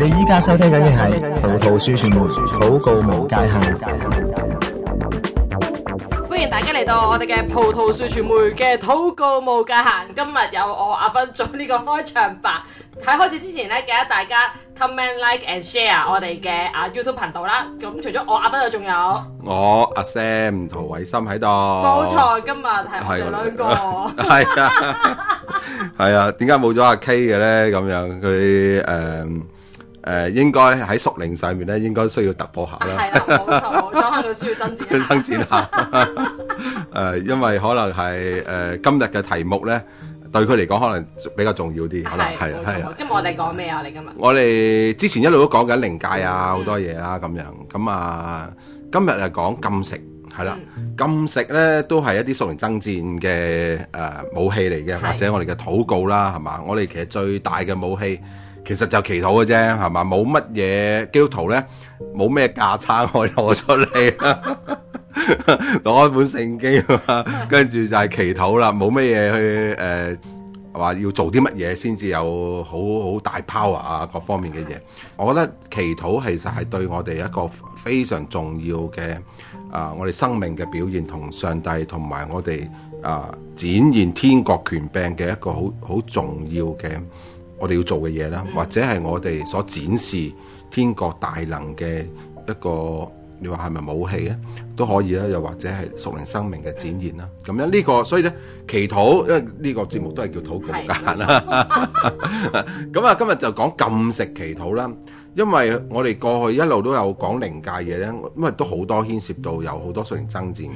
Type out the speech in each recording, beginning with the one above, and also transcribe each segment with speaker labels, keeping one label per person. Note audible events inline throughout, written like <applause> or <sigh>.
Speaker 1: 你依家收聽緊嘅係《葡萄書傳媒》，禱告無界限。
Speaker 2: 大家嚟到我哋嘅葡萄樹傳媒嘅禱告無界限，今日有我阿斌做呢個開場白。喺開始之前咧，記得大家 comment like and share 我哋嘅啊 YouTube 頻道啦。咁除咗我阿斌，仲有
Speaker 3: 我阿 Sam 陶偉森喺度。冇錯，
Speaker 2: 今日係
Speaker 3: 兩
Speaker 4: 個。
Speaker 3: 係啊，係啊，點解冇咗阿 K 嘅咧？咁樣佢誒。誒，應該喺屬靈上面咧，應該需要突破下啦。係啦，
Speaker 5: 冇錯，講下佢需要
Speaker 3: 爭戰。爭戰下，誒，因為可能係誒今日嘅題目咧，對佢嚟講可能比較重要啲，係啦，係啊，係啊。咁我哋講咩啊？你今日我哋之前一路都講緊靈界啊，好多嘢啦，咁樣咁啊，今日就講禁食，係啦，禁食咧都係一啲屬靈爭戰嘅誒武器嚟嘅，或者我哋嘅禱告啦，係嘛，我哋其實最大嘅武器。其實就祈禱嘅啫，係嘛，冇乜嘢基督徒咧，冇咩架撐可以攞出嚟啦，攞 <laughs> <laughs> 一本聖經，跟 <laughs> 住就係祈禱啦，冇乜嘢去誒話、呃、要做啲乜嘢先至有好好大 power 啊，各方面嘅嘢，我覺得祈禱其實係對我哋一個非常重要嘅啊、呃，我哋生命嘅表現同上帝同埋我哋啊、呃、展現天國權柄嘅一個好好重要嘅。我哋要做嘅嘢啦，或者係我哋所展示天國大能嘅一個，你話係咪武器咧都可以啦，又或者係屬靈生命嘅展現啦。咁樣呢、呢個，所以咧祈禱，因為呢個節目都係叫禱告間啦。咁啊的， <laughs> 今日就講禁食祈禱啦。因為我哋過去一路都有講靈界嘢咧，因為都好多牽涉到有好多屬靈爭戰。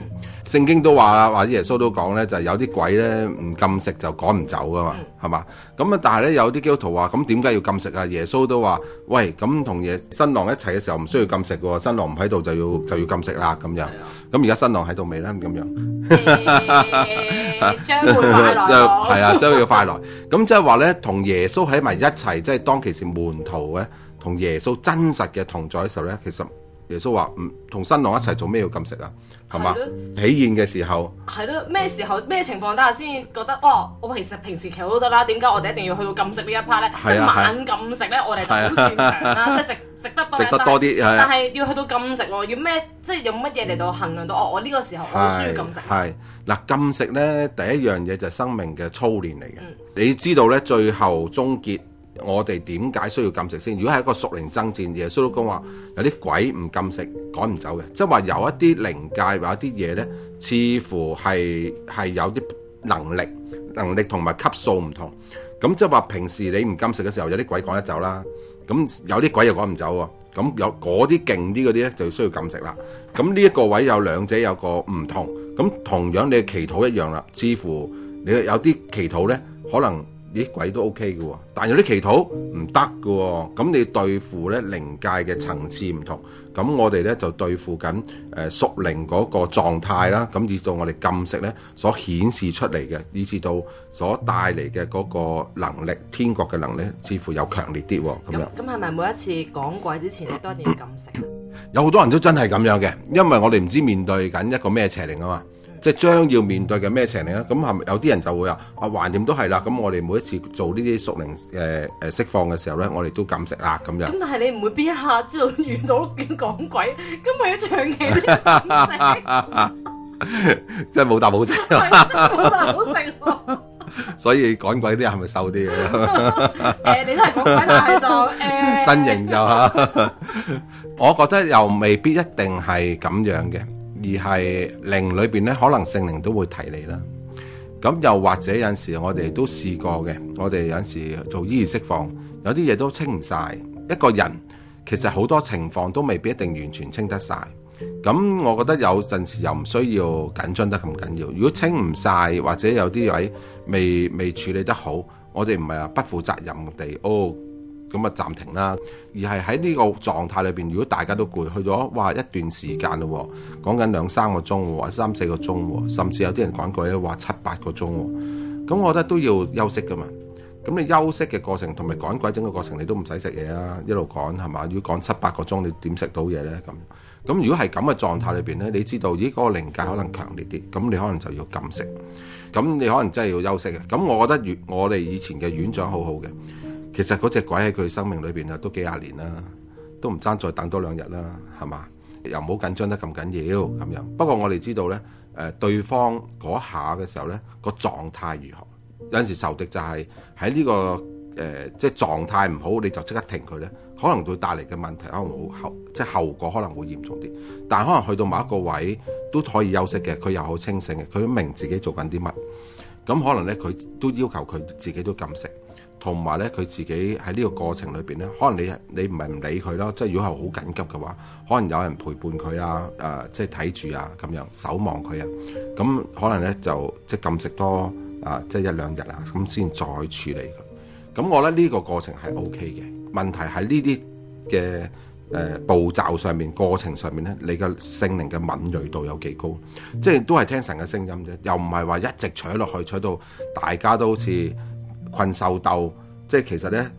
Speaker 3: 聖經都話啊，或者耶穌都講咧，就係、是、有啲鬼咧唔禁食就趕唔走㗎嘛，係嘛，咁啊。但係咧有啲基督徒話咁點解要禁食啊？耶穌都話喂，咁同耶新郎一齊嘅時候唔需要禁食喎，新郎唔喺度就要就要禁食啦咁樣。咁而家新郎喺度未咧咁樣 <laughs> 將， <laughs> 將會快樂，係啊， <laughs> 將要快樂。咁即係話咧，同耶穌喺埋一齊，即、就、係、是、當其時是門徒咧。同耶穌真實嘅同在嘅時候咧，其實耶穌話唔同新郎一齊做咩要禁食啊？係嘛？喜宴嘅時候
Speaker 2: 係咯，咩時候咩情況底下先覺得哦？我其實平時食都得啦，點解我哋一定要去到禁食呢一 part 咧？即係猛咁食咧，我哋就好擅長啦，即係食食得多食得多啲，但係要去到禁食喎，要咩？即係用乜嘢嚟到衡量到哦？我呢個時候我需要禁食。
Speaker 3: 係嗱，禁食咧第一樣嘢就係生命嘅操練嚟嘅。你知道咧，最後終結。我哋點解需要禁食先？如果係一個屬靈爭戰嘅，耶穌老公話有啲鬼唔禁食，趕唔走嘅，即係話有一啲靈界或一啲嘢咧，似乎係係有啲能力，能力同埋級數唔同。咁即係話平時你唔禁食嘅時候，有啲鬼趕得走啦。咁有啲鬼又趕唔走喎。咁有嗰啲勁啲嗰啲咧，就需要禁食啦。咁呢一個位有兩者有個唔同。咁同樣你嘅祈禱一樣啦，似乎你有啲祈禱咧，可能。咦，鬼都 OK 嘅，但係有啲祈禱唔得㗎，咁你對付咧靈界嘅層次唔同，咁我哋咧就對付緊誒屬靈嗰個狀態啦。咁以至到我哋禁食咧，所顯示出嚟嘅，以至到所帶嚟嘅嗰個能力，天國嘅能力似乎又強烈啲喎。咁樣，
Speaker 2: 咁係咪每一次講鬼之前咧都要禁食？
Speaker 3: 有好多人都真係咁樣嘅，因為我哋唔知面對緊一個咩邪靈啊嘛。即係將要面對嘅咩情景咧？咁係咪有啲人就會話：，啊，橫掂都係啦。咁我哋每一次做呢啲熟齡誒誒釋放嘅時候咧，我哋都禁食啊！咁樣。咁但係你唔
Speaker 2: 會邊一下知道遇到啲趕鬼，
Speaker 5: 咁咪要
Speaker 6: 長期
Speaker 3: 啲，即係冇啖好食，冇啖好食。所以趕鬼啲人係咪瘦啲啊？誒，你都係趕鬼，但係就誒身形就嚇，我覺得又未必一定係咁樣嘅。而係靈裏邊咧，可能聖靈都會提你啦。咁又或者有陣時我，我哋都試過嘅。我哋有陣時做醫釋放，有啲嘢都清唔晒。一個人其實好多情況都未必一定完全清得晒。咁我覺得有陣時又唔需要緊張得咁緊要。如果清唔晒，或者有啲位未未處理得好，我哋唔係話不負責任地哦。Oh, 咁啊，暫停啦！而係喺呢個狀態裏邊，如果大家都攰，去咗哇一段時間咯，講緊兩三個鐘喎，三四個鐘喎，甚至有啲人講過咧話七八個鐘喎。咁我覺得都要休息噶嘛。咁你休息嘅過程同埋趕鬼整個過程，你都唔使食嘢啦，一路趕係嘛？如果趕七八個鐘，你點食到嘢咧咁？咁如果係咁嘅狀態裏邊咧，你知道咦嗰個靈界可能強烈啲，咁你可能就要禁食。咁你可能真係要休息嘅。咁我覺得院我哋以前嘅院長好好嘅。其實嗰隻鬼喺佢生命裏邊啊，都幾廿年啦，都唔爭再等多兩日啦，係嘛？又唔好緊張得咁緊要咁樣。不過我哋知道呢，誒、呃、對方嗰下嘅時候呢，個狀態如何？有陣時受敵就係喺呢個誒、呃，即係狀態唔好，你就即刻停佢呢，可能對帶嚟嘅問題可能好後即係後果可能會嚴重啲。但係可能去到某一個位都可以休息嘅，佢又好清醒嘅，佢都明自己做緊啲乜，咁可能呢，佢都要求佢自己都禁食。同埋咧，佢自己喺呢個過程裏邊咧，可能你你唔係唔理佢啦，即係如果係好緊急嘅話，可能有人陪伴佢啊，誒、呃，即係睇住啊，咁樣守望佢啊，咁、嗯、可能咧就即係禁食多啊、呃，即係一兩日啊，咁先再處理佢。咁、嗯、我覺得呢個過程係 O K 嘅，問題喺呢啲嘅誒步驟上面、過程上面咧，你嘅性靈嘅敏鋭度有幾高？即係都係聽神嘅聲音啫，又唔係話一直取落去取到大家都好似。禁食禱，即係其實咧。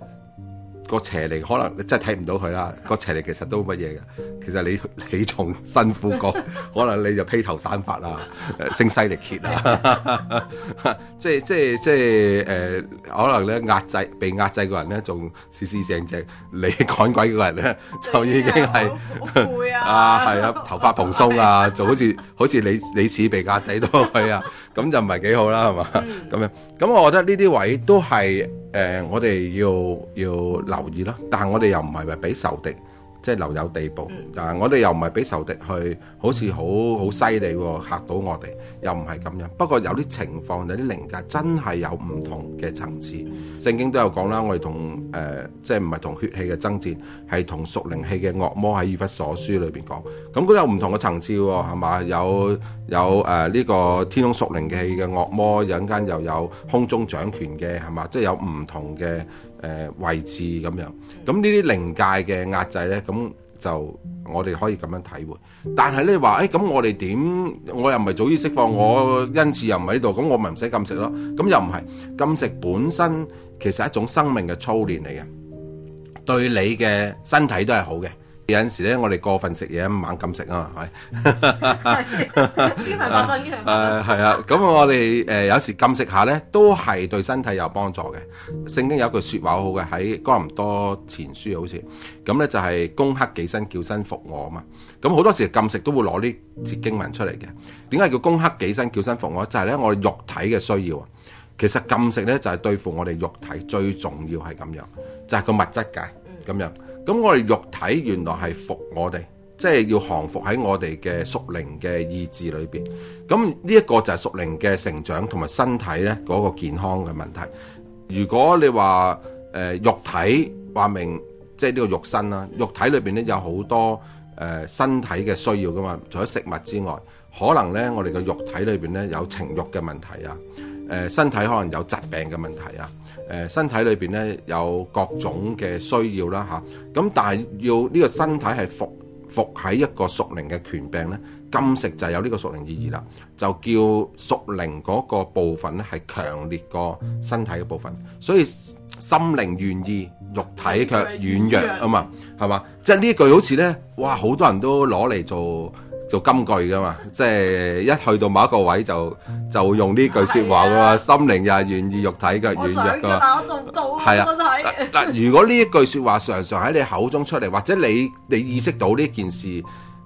Speaker 3: 個邪靈可能你真係睇唔到佢啦，個邪靈其實都乜嘢嘅。其實你你仲辛苦過， <laughs> 可能你就披頭散髮啊， <laughs> 聲嘶力竭啊， <laughs> <laughs> 即係即係即係誒，可能咧壓制被壓制個人咧，仲四四正正， <laughs> 你趕鬼個人咧，就已經係 <laughs> <laughs> 啊，係啊，頭髮蓬鬆啊， <laughs> <laughs> 就好似好似你你似被壓制到佢啊，咁就唔係幾好啦，係嘛？咁樣咁我覺得呢啲位都係。誒、呃，我哋要要留意啦，但係我哋又唔係話俾仇敵。即係留有地步，嗯、啊！我哋又唔係俾仇敵去，好似好好犀利喎，嚇到我哋，又唔係咁樣。不過有啲情況，有啲靈界真係有唔同嘅層次。聖經都有講啦，我哋同誒、呃、即係唔係同血氣嘅爭戰，係同屬靈氣嘅惡魔，喺以弗所書裏邊講。咁佢有唔同嘅層次喎，係嘛？有有誒呢、呃呢個天空屬靈氣嘅惡魔，有陣間又有空中掌權嘅，係嘛？即係有唔同嘅。誒位置咁樣，咁呢啲靈界嘅壓制呢，咁就我哋可以咁樣體會。但係你話，誒咁、欸、我哋點？我又唔係早於釋放，我恩賜又唔喺度，咁我咪唔使禁食咯。咁又唔係，禁食本身其實係一種生命嘅操練嚟嘅，對你嘅身體都係好嘅。有陣時咧，我哋過分食嘢，猛禁食啊嘛，係咪？經誒，係啊，咁、啊啊、我哋誒、呃、有時禁食下咧，都係對身體有幫助嘅。聖經有句說話好嘅，喺哥林多前書好似，咁咧就係攻克己身叫身服我啊嘛。咁好多時禁食都會攞啲經文出嚟嘅。點解叫攻克己身叫身服我？就係、是、咧我哋肉體嘅需要啊。其實禁食咧就係、是、對付我哋肉體最重要係咁樣，就係、是、個物質界咁樣。咁我哋肉體原來係服我哋，即係要降服喺我哋嘅屬靈嘅意志裏邊。咁呢一個就係屬靈嘅成長同埋身體咧嗰個健康嘅問題。如果你話誒肉體，話明即係呢個肉身啦。肉體裏邊咧有好多誒身體嘅需要噶嘛，除咗食物之外，可能咧我哋嘅肉體裏邊咧有情欲嘅問題啊。誒身體可能有疾病嘅問題啊！誒身體裏邊咧有各種嘅需要啦嚇，咁但係要呢個身體係服服喺一個屬靈嘅權柄咧，禁食就有呢個屬靈意義啦，就叫屬靈嗰個部分咧係強烈過身體嘅部分，所以心靈願意，肉體卻軟弱啊嘛，係嘛？即係呢句好似咧，哇好多人都攞嚟做。做金句噶嘛，即係一去到某一個位就就用呢句說話噶嘛，啊、心靈又係願意肉體嘅軟弱嘅。
Speaker 6: 係啊，嗱想， <laughs> 如
Speaker 3: 果呢一句說話常常喺你口中出嚟，或者你你意識到呢件事，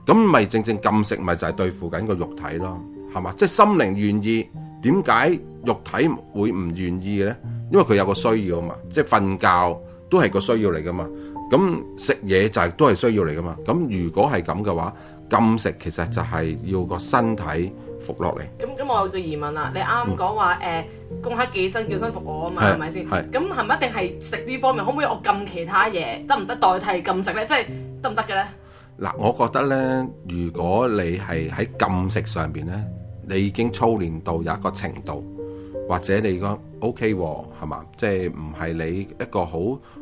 Speaker 3: 咁咪正正禁食咪就係對付緊個肉體咯，係嘛？即係心靈願意，點解肉體會唔願意嘅咧？因為佢有個需要啊嘛，即係瞓覺都係個需要嚟噶嘛，咁食嘢就係、是、都係需要嚟噶嘛，咁如果係咁嘅話。禁食其實就係要個身體服落嚟。咁咁，
Speaker 2: 我有個疑問啦。你啱啱講話誒，攻克己身叫身服我啊嘛，係咪先？咁係咪一定係食呢方面？可唔可以我禁其他嘢得唔得代替禁食咧？即係得唔得嘅咧？
Speaker 3: 嗱，我覺得咧，如果你係喺禁食上邊咧，你已經操練到有一個程度，或者你講 O K 喎，係嘛？即係唔係你一個好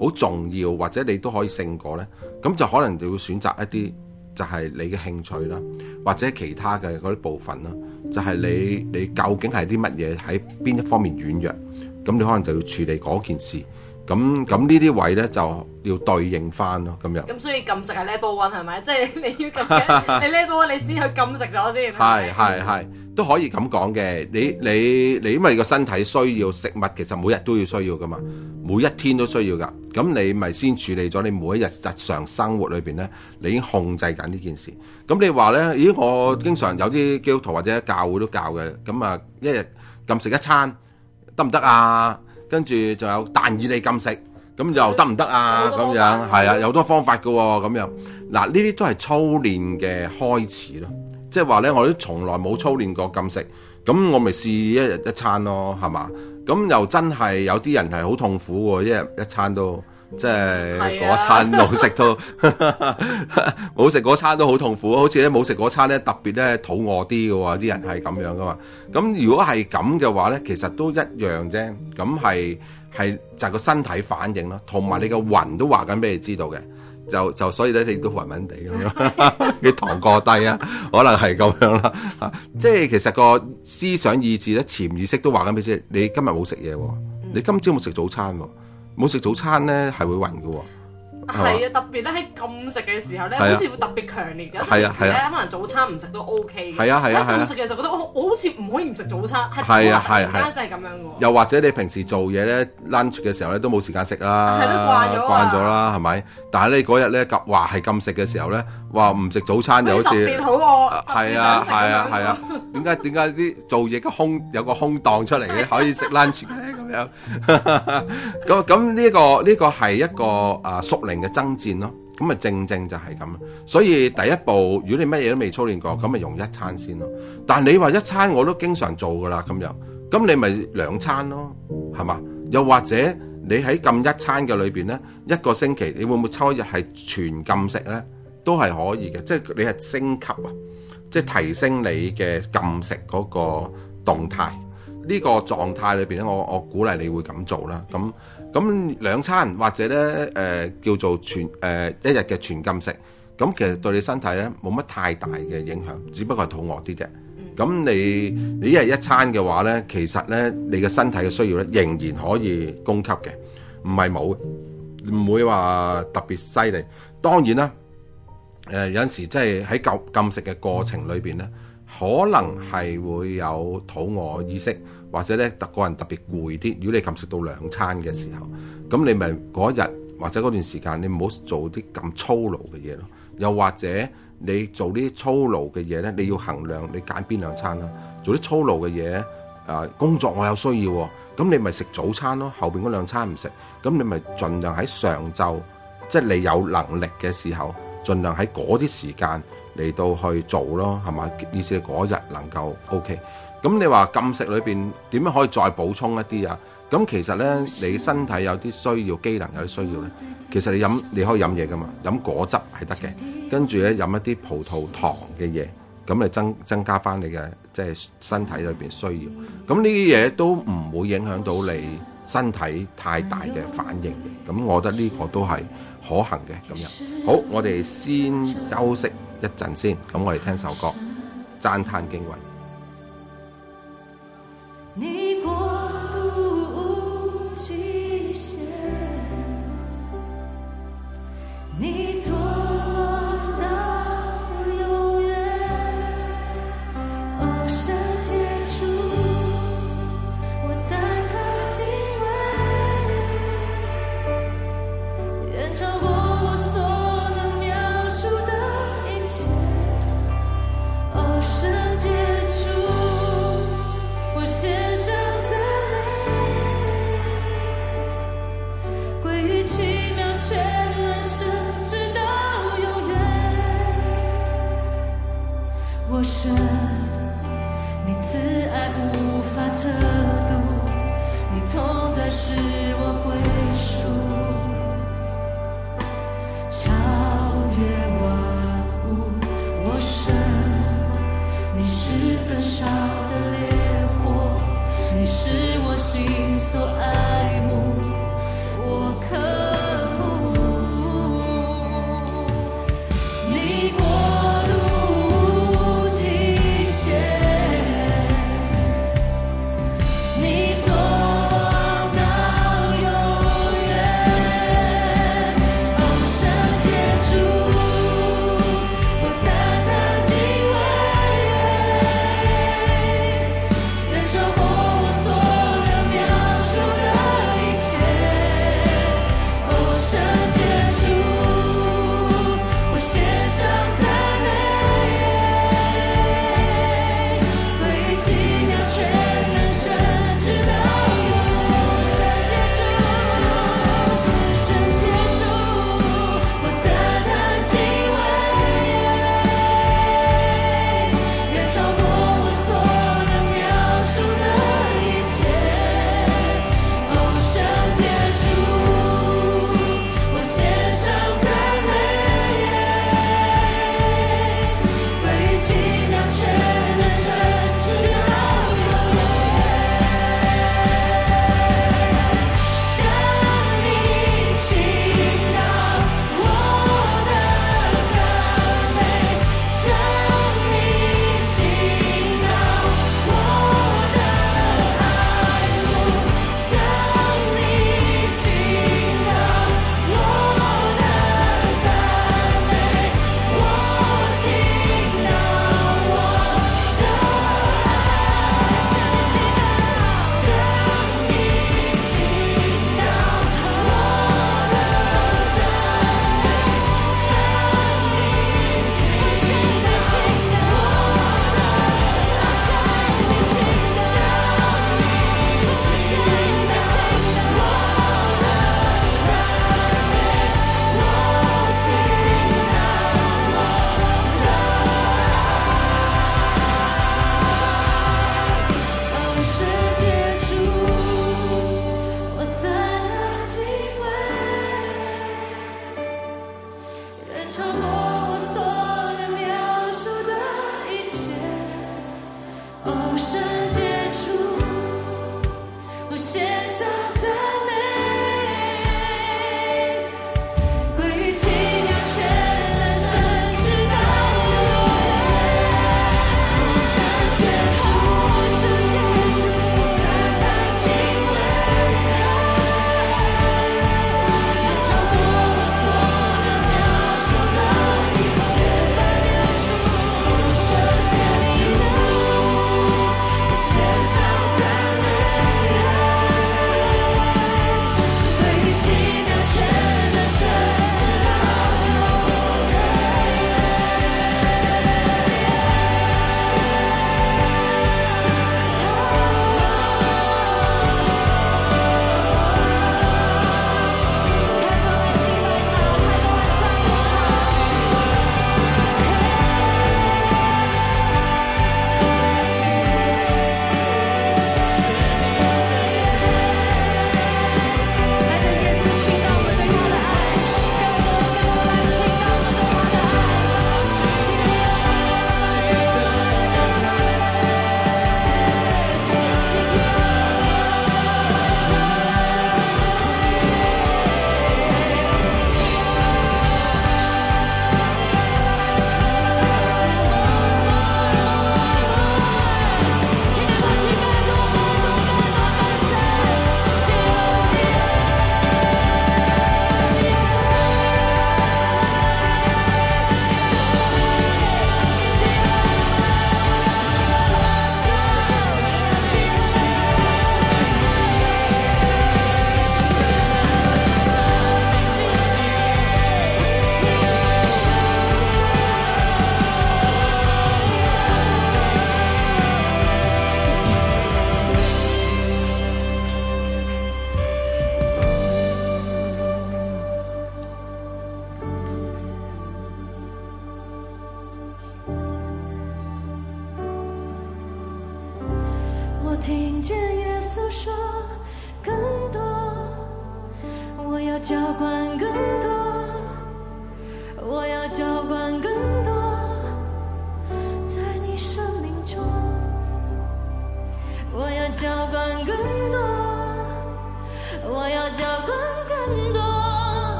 Speaker 3: 好重要，或者你都可以勝過咧？咁就可能你要選擇一啲。就係你嘅興趣啦，或者其他嘅嗰啲部分啦。就係、是、你你究竟係啲乜嘢喺邊一方面軟弱，咁你可能就要處理嗰件事。咁咁呢啲位咧就要對應翻咯。咁樣。咁所以
Speaker 2: 禁食係 level one 係咪？即 <laughs> 係 <laughs> 你要禁食，你 level 你先去禁
Speaker 3: 食咗先。係係係。 <laughs> 都可以咁講嘅，你你你，因為個身體需要食物，其實每日都要需要噶嘛，每一天都需要噶。咁你咪先處理咗你每一日日常生活裏邊咧，你已經控制緊呢件事。咁你話咧，咦？我經常有啲基督徒或者教會都教嘅，咁啊一日禁食一餐得唔得啊？跟住仲有但以理禁食，咁又得唔得啊？咁樣係啊，有好多方法嘅喎，咁樣嗱，呢啲、啊哦、都係操練嘅開始咯。即係話咧，我都從來冇操練過禁食，咁我咪試一日一餐咯，係嘛？咁又真係有啲人係好痛苦喎，一日一餐都即係嗰餐冇食都冇食嗰餐都好痛苦，好似咧冇食嗰餐咧特別咧肚餓啲嘅喎，啲人係咁樣噶嘛？咁如果係咁嘅話咧，其實都一樣啫，咁係係就係個身體反應咯，同埋你個魂都話緊俾你知道嘅。就就所以咧，你都暈暈地咁樣， <laughs> <laughs> 你糖過低 <laughs> 啊，可能係咁樣啦。嚇，即係其實個思想意志咧，潛意識都話緊畀先？你今日冇食嘢喎，你今朝冇食早餐喎，冇食早餐咧係會暈嘅喎。啊。
Speaker 2: 係啊，特別咧喺禁食嘅時候咧，好似會特別強烈嘅。係啊係啊，可能早餐唔食都 OK 嘅。係啊係啊係啊，喺禁食嘅時候覺得我我好似唔可以唔食早餐。係啊係
Speaker 3: 啊係啊，就係
Speaker 4: 咁樣嘅。
Speaker 3: 又或者你平時做嘢咧 lunch 嘅時候咧都冇時間食啦。係都慣咗慣咗啦，係咪？但係你嗰日咧話係禁食嘅時候咧，話唔食早餐又好似特別好餓。係啊係啊係啊，點解點解啲做嘢嘅空有個空檔出嚟嘅可以食 lunch 咧咁樣？咁咁呢個呢個係一個啊屬靈。嘅爭戰咯，咁啊正正就係咁，所以第一步如果你乜嘢都未操練過，咁咪用一餐先咯。但你話一餐我都經常做噶啦，今日咁你咪兩餐咯，係嘛？又或者你喺禁一餐嘅裏邊呢，一個星期你會唔會抽一日係全禁食呢？都係可以嘅，即係你係升級啊，即係提升你嘅禁食嗰個動態。呢個狀態裏邊咧，我我鼓勵你會咁做啦。咁咁兩餐或者咧誒、呃、叫做全誒、呃、一日嘅全禁食，咁其實對你身體咧冇乜太大嘅影響，只不過係肚餓啲啫。咁你你一日一餐嘅話咧，其實咧你嘅身體嘅需要咧仍然可以供給嘅，唔係冇，唔會話特別犀利。當然啦，誒、呃、有陣時即係喺禁禁食嘅過程裏邊咧，可能係會有肚餓意識。或者咧特個人特別攰啲，如果你咁食到兩餐嘅時候，咁你咪嗰日或者嗰段時間，你唔好做啲咁粗勞嘅嘢咯。又或者你做啲粗勞嘅嘢咧，你要衡量你揀邊兩餐啦。做啲粗勞嘅嘢，啊，呃，工作我有需要，咁你咪食早餐咯。後邊嗰兩餐唔食，咁你咪盡量喺上晝，即係你有能力嘅時候，盡量喺嗰啲時間嚟到去做咯，係咪？意思係嗰日能夠 OK。咁你話禁食裏邊點樣可以再補充一啲啊？咁其實呢，你身體有啲需要，機能有啲需要咧，其實你飲你可以飲嘢噶嘛，飲果汁係得嘅，跟住咧飲一啲葡萄糖嘅嘢，咁你增增加翻你嘅即係身體裏邊需要。咁呢啲嘢都唔會影響到你身體太大嘅反應嘅。咁我覺得呢個都係可行嘅。咁樣好，我哋先休息一陣先。咁我哋聽首歌，讚歎敬魂。
Speaker 5: 你國度無極限，你做。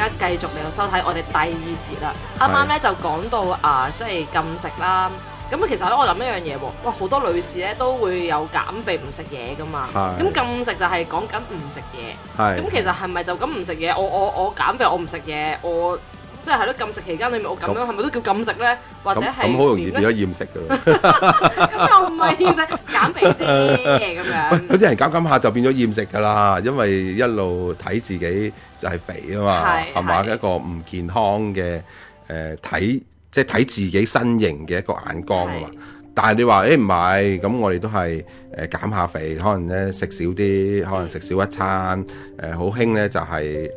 Speaker 2: 而家繼續嚟到收睇我哋第二節啦。啱啱咧就講到啊，即係禁食啦。咁啊，其實咧我諗一樣嘢喎。哇，好多女士咧都會有減肥唔食嘢噶嘛。咁禁食就係講緊唔食嘢。咁其實係咪就咁唔食嘢？我我我減肥，我唔食嘢，我。即係係咯，禁食
Speaker 6: 期間裏面我咁樣，
Speaker 3: 係咪都叫禁食咧？或者係咁好容易
Speaker 4: 變咗厭食㗎啦？又唔係厭食，減肥先嘅咁樣。喂，
Speaker 3: 有啲人減減下就變咗厭食㗎啦，因為一路睇自己就係肥啊嘛，係嘛，一個唔健康嘅誒睇，即係睇自己身形嘅一個眼光啊嘛。但係你話誒唔係，咁我哋都係誒減下肥，可能咧食少啲，可能食少一餐，誒好興咧就係誒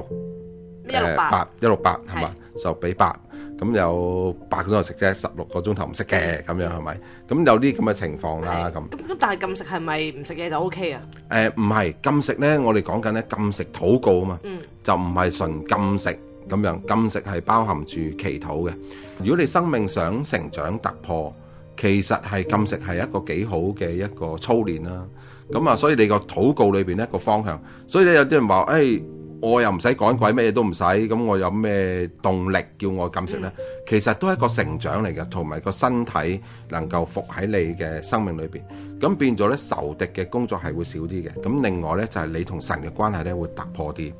Speaker 3: 食。誒，八一六八係嘛？就俾八咁有八個鐘頭食啫，十六個鐘頭唔食嘅咁樣係咪？咁有啲咁嘅情況啦。咁
Speaker 2: 咁但係禁食係咪唔食嘢就 OK？啊誒，
Speaker 3: 唔係禁食咧，我哋講緊咧禁食禱告啊嘛。嗯，就唔係純禁食咁樣，禁食係包含住祈禱嘅。如果你生命想成長突破，其實係禁食係一個幾好嘅一個操練啦。咁啊，所以你個禱告裏邊一個方向。所以咧，有啲人話誒。我又唔使趕鬼，咩嘢都唔使，咁我有咩動力叫我禁食呢？其實都係一個成長嚟嘅，同埋個身體能夠伏喺你嘅生命裏邊，咁變咗呢，仇敵嘅工作係會少啲嘅。咁另外呢，就係你同神嘅關係呢會突破啲。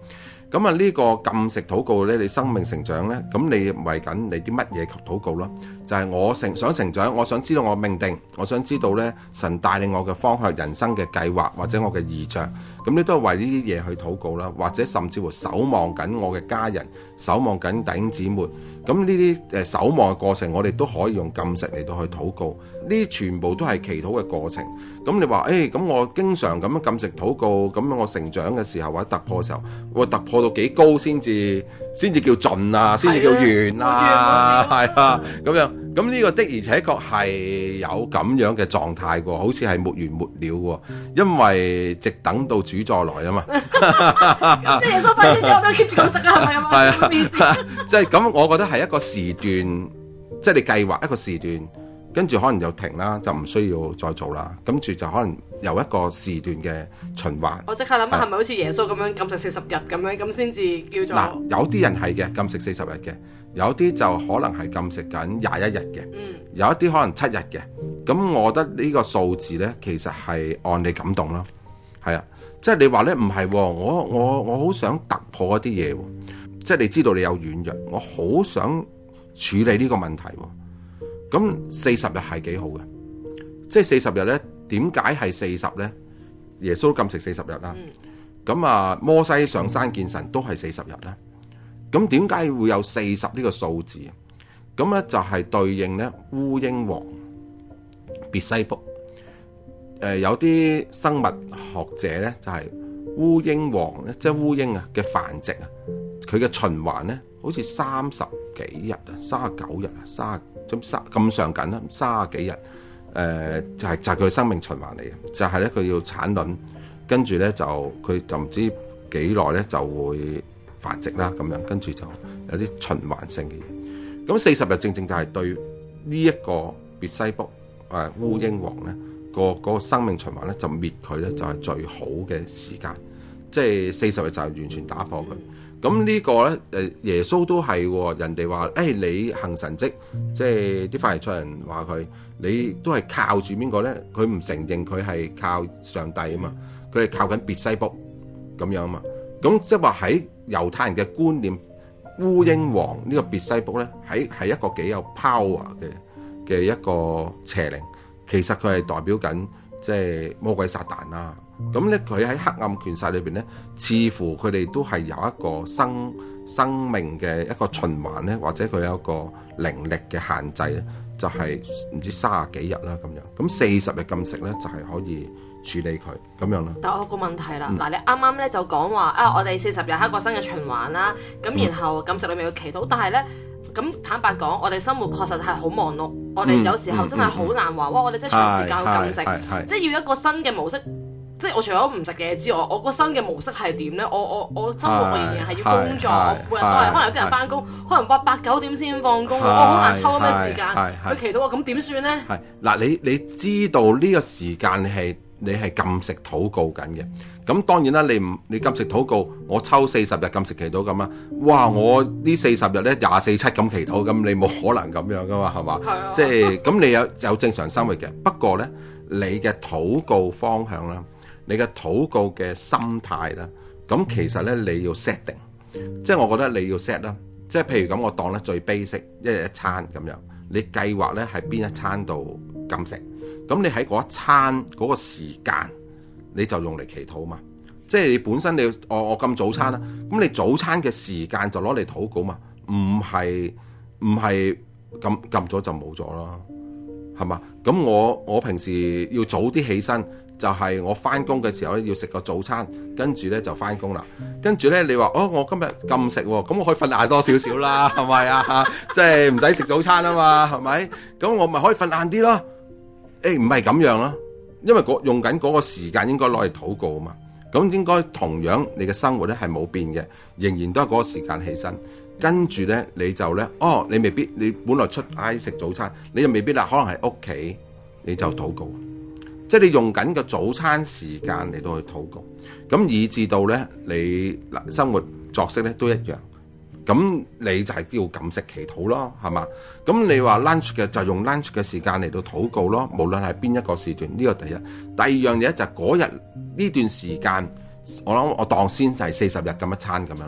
Speaker 3: 咁啊呢個禁食禱告咧，你生命成長咧，咁你為緊你啲乜嘢禱告啦？就係我成想成長，我想知道我嘅命定，我想知道咧神帶領我嘅方向、人生嘅計劃或者我嘅意象。咁你都係為呢啲嘢去禱告啦，或者甚至乎守望緊我嘅家人，守望緊弟兄姊妹。咁呢啲誒守望嘅過程，我哋都可以用禁食嚟到去禱告。呢啲全部都係祈禱嘅過程。咁你話誒，咁我經常咁樣禁食禱告，咁樣我成長嘅時候或者突破嘅時候會突破，到幾高先至先至叫盡啊，先至叫完啊，係啊，咁的、嗯、樣咁呢個的而且確係有咁樣嘅狀態噶，好似係沒完沒了噶，因為直等到主再來啊嘛。 <laughs> <laughs> <laughs> 即係耶穌翻呢次我都 keep 住咁食啦，係咪 <laughs> 的 <laughs> 啊？即係咁，我覺得係一個時段，即、就、係、是、你計劃一個時段。跟住可能就停啦，就唔需要再做啦。跟住就可能由一個時段嘅循環。我即刻諗，係咪的好
Speaker 2: 似耶穌咁樣禁食四十日咁樣，咁先至叫做？嗱，
Speaker 3: 有啲人係嘅，禁食四十日嘅；有啲就可能係禁食緊廿一日嘅。嗯。有一啲可能七日嘅，咁我覺得呢個數字呢，其實係按你感動咯。係啊，即係你話呢唔係，哦，我我我好想突破一啲嘢喎。即係你知道你有軟弱，我好想處理呢個問題喎，哦。咁四十日係幾好嘅，即係四十日咧。點解係四十咧？耶穌禁食四十日啦。咁、嗯、啊，摩西上山見神都係四十日啦。咁點解會有四十呢個數字？咁咧就係對應咧烏蠅王別西卜。誒、呃，有啲生物學者咧就係烏蠅王，即係烏蠅啊嘅繁殖啊，佢嘅循環咧好似三十幾日啊，卅啊九日啊，卅啊。三十咁三咁長緊啦，三十幾日？誒、呃、就係、是、就係、是、佢生命循環嚟嘅，就係咧佢要產卵，跟住咧就佢就唔知幾耐咧就會繁殖啦咁樣，跟住就有啲循環性嘅嘢。咁四十日正正就係對、呃、呢一個別西卜，誒烏蠅王咧個個生命循環咧就滅佢咧就係、是、最好嘅時間，即、就、係、是、四十日就係完全打破佢。咁呢個咧，誒耶穌都係、哦，人哋話，誒、哎、你行神蹟，即係啲法利賽人話佢，你都係靠住邊個咧？佢唔承認佢係靠上帝啊嘛，佢係靠緊別西卜咁樣啊嘛。咁即係話喺猶太人嘅觀念，烏蠅王個別呢個別西卜咧，喺係一個幾有 power 嘅嘅一個邪靈，其實佢係代表緊。即係魔鬼撒旦啦、啊，咁咧佢喺黑暗權勢裏邊咧，似乎佢哋都係有一個生生命嘅一個循環咧，或者佢有一個靈力嘅限制，就係、是、唔知三十幾啊幾日啦咁樣。咁四十日禁食咧，就係、是、可以處理佢咁樣啦。
Speaker 2: 但我個問題、嗯、啦，嗱你啱啱咧就講話啊，我哋四十日喺一個新嘅循環啦，咁然後禁食裏面要祈禱，但係咧。咁坦白講，我哋生活確實係好忙碌，我哋有時候真係好難話，嗯嗯嗯、哇！我哋真係長時間去禁食，即係要一個新嘅模式。即係我除咗唔食嘢之外，我個新嘅模式係點咧？我我我生活仍然係要工作，我每日都係是可能有啲人翻工，是可能八八九點先放工，是我好難抽咩時間去祈禱。咁點算咧？係
Speaker 3: 嗱，你你，你知道呢個時間係？你係禁食禱告緊嘅，咁當然啦，你唔你禁食禱告，我抽四十日禁食祈禱咁啊！哇，我呢四十日咧廿四七咁祈禱，咁你冇可能咁樣噶嘛，係嘛？ <laughs> 即係咁你有有正常生活嘅，不過咧你嘅禱告方向啦，你嘅禱告嘅心態啦，咁其實咧你要 set 定，即係我覺得你要 set 啦，即係譬如咁，我當咧最 basic，一日一餐咁樣，你計劃咧喺邊一餐度禁食。咁你喺嗰一餐嗰、嗰個時間，你就用嚟祈禱嘛？即係你本身你我我禁早餐啦，咁你早餐嘅時間就攞嚟禱告嘛？唔係唔係禁禁咗就冇咗咯，係嘛？咁我我平時要早啲起身，就係、係、我翻工嘅時候咧要食個早餐，跟住咧就翻工啦。跟住咧你話哦，我今日禁食喎，咁、哦、我可以瞓晏多少少啦，係咪 <laughs> 啊？即係唔使食早餐啊嘛，係咪？咁我咪可以瞓晏啲咯。誒唔係咁樣咯，因為嗰用緊嗰個時間應該攞嚟禱告啊嘛，咁應該同樣你嘅生活咧係冇變嘅，仍然都係嗰個時間起身，跟住咧你就咧，哦你未必你本來出街食早餐，你就未必啦，可能係屋企你就禱告，即係你用緊嘅早餐時間嚟到去禱告，咁以至到咧你嗱生活作息咧都一樣。咁你就係要禁食祈禱咯，係嘛？咁你話 lunch 嘅就用 lunch 嘅時間嚟到禱告咯，無論係邊一個時段，呢、這個第一。第二樣嘢就係嗰日呢段時間，我諗我當先就係四十日咁一餐咁樣。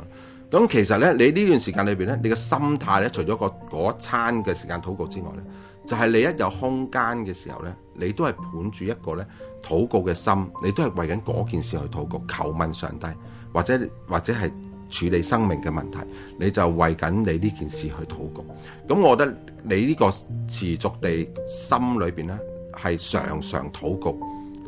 Speaker 3: 咁其實呢，你呢段時間裏邊呢，你嘅心態呢，除咗個嗰一餐嘅時間禱告之外呢，就係、是、你一有空間嘅時候呢，你都係盤住一個呢禱告嘅心，你都係為緊嗰件事去禱告、求問上帝，或者或者係。處理生命嘅問題，你就為緊你呢件事去禱告。咁我覺得你呢個持續地心裏邊咧，係常常禱告，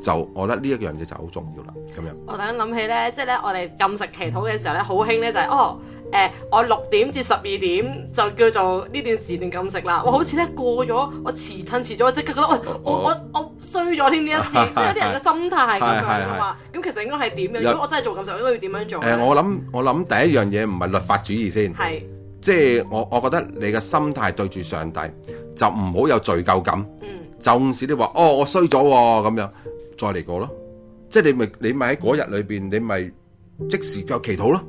Speaker 3: 就我覺得呢一樣嘢就好重要啦。咁樣，
Speaker 2: 我突然諗起咧，即係咧，我哋禁食祈禱嘅時候咧，好興咧就係、是、哦。誒、啊，我六點至十二點就叫做呢段時段禁食啦。我好似咧過咗，我遲吞遲咗，即刻覺得我我我我衰咗添呢一次，即係啲人嘅心態咁樣啊嘛。咁、啊啊啊啊啊、其實應該係點嘅？如果真我真係做禁食，應該要點樣做？誒、嗯，我
Speaker 3: 諗我諗第一樣嘢唔係律法主義、啊嗯、先，即係我我覺得你嘅心態對住上帝就唔好有罪疚感。啊嗯嗯、就即使你話哦，oh，我衰咗咁樣，再嚟過咯，即、就、係、是、你咪你咪喺嗰日裏邊，你咪即時就祈禱咯，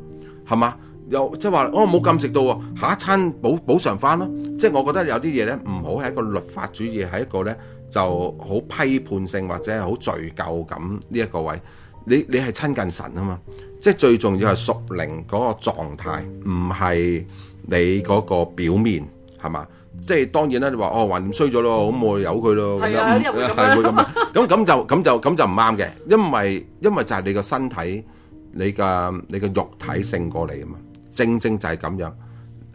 Speaker 3: 係、就、嘛、是？有即係話哦，冇咁食到喎，下一餐補補，補償翻咯。即係我覺得有啲嘢咧，唔好係一個律法主義，係一個咧就好批判性或者係好罪疚咁呢一個位。你你係親近神啊嘛，即係最重要係屬靈嗰個狀態，唔係你嗰個表面係嘛？即係當然啦，你話哦，橫衰咗咯，咁我由佢咯，係啊，嗯，係會咁咁咁就咁 <laughs> 就咁就唔啱嘅，因為因為就係你個身體，你嘅你嘅肉體勝過嚟啊嘛。正正就係咁樣，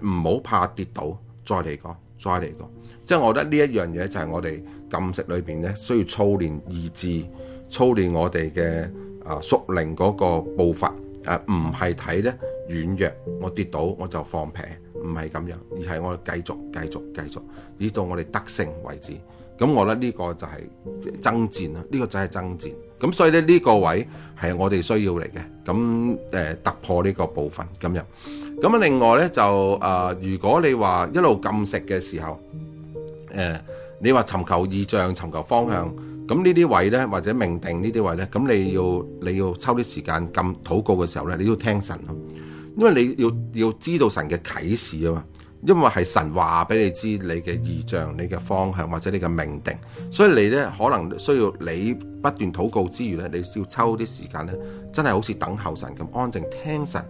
Speaker 3: 唔好怕跌倒，再嚟過，再嚟過。即係我覺得呢一樣嘢就係我哋禁食裏邊呢，需要操練意志，操練我哋嘅啊，屬靈嗰個步伐。誒、呃，唔係睇呢軟弱，我跌倒我就放平，唔係咁樣，而係我繼續繼續繼續，以到我哋得勝為止。咁、嗯、我覺得呢個就係爭戰啦，呢、這個就係爭戰。咁所以咧呢個位係我哋需要嚟嘅，咁誒突破呢個部分咁樣。咁啊另外咧就誒，如果你話一路禁食嘅時候，誒你話尋求異象、尋求方向，咁呢啲位咧或者命定呢啲位咧，咁你要你要抽啲時間禁禱告嘅時候咧，你要聽神，因為你要要知道神嘅啟示啊嘛。因為係神話俾你知你嘅意象、你嘅方向或者你嘅命定，所以你咧可能需要你不斷禱告之餘咧，你需要抽啲時間咧，真係好似等候神咁安靜聽神。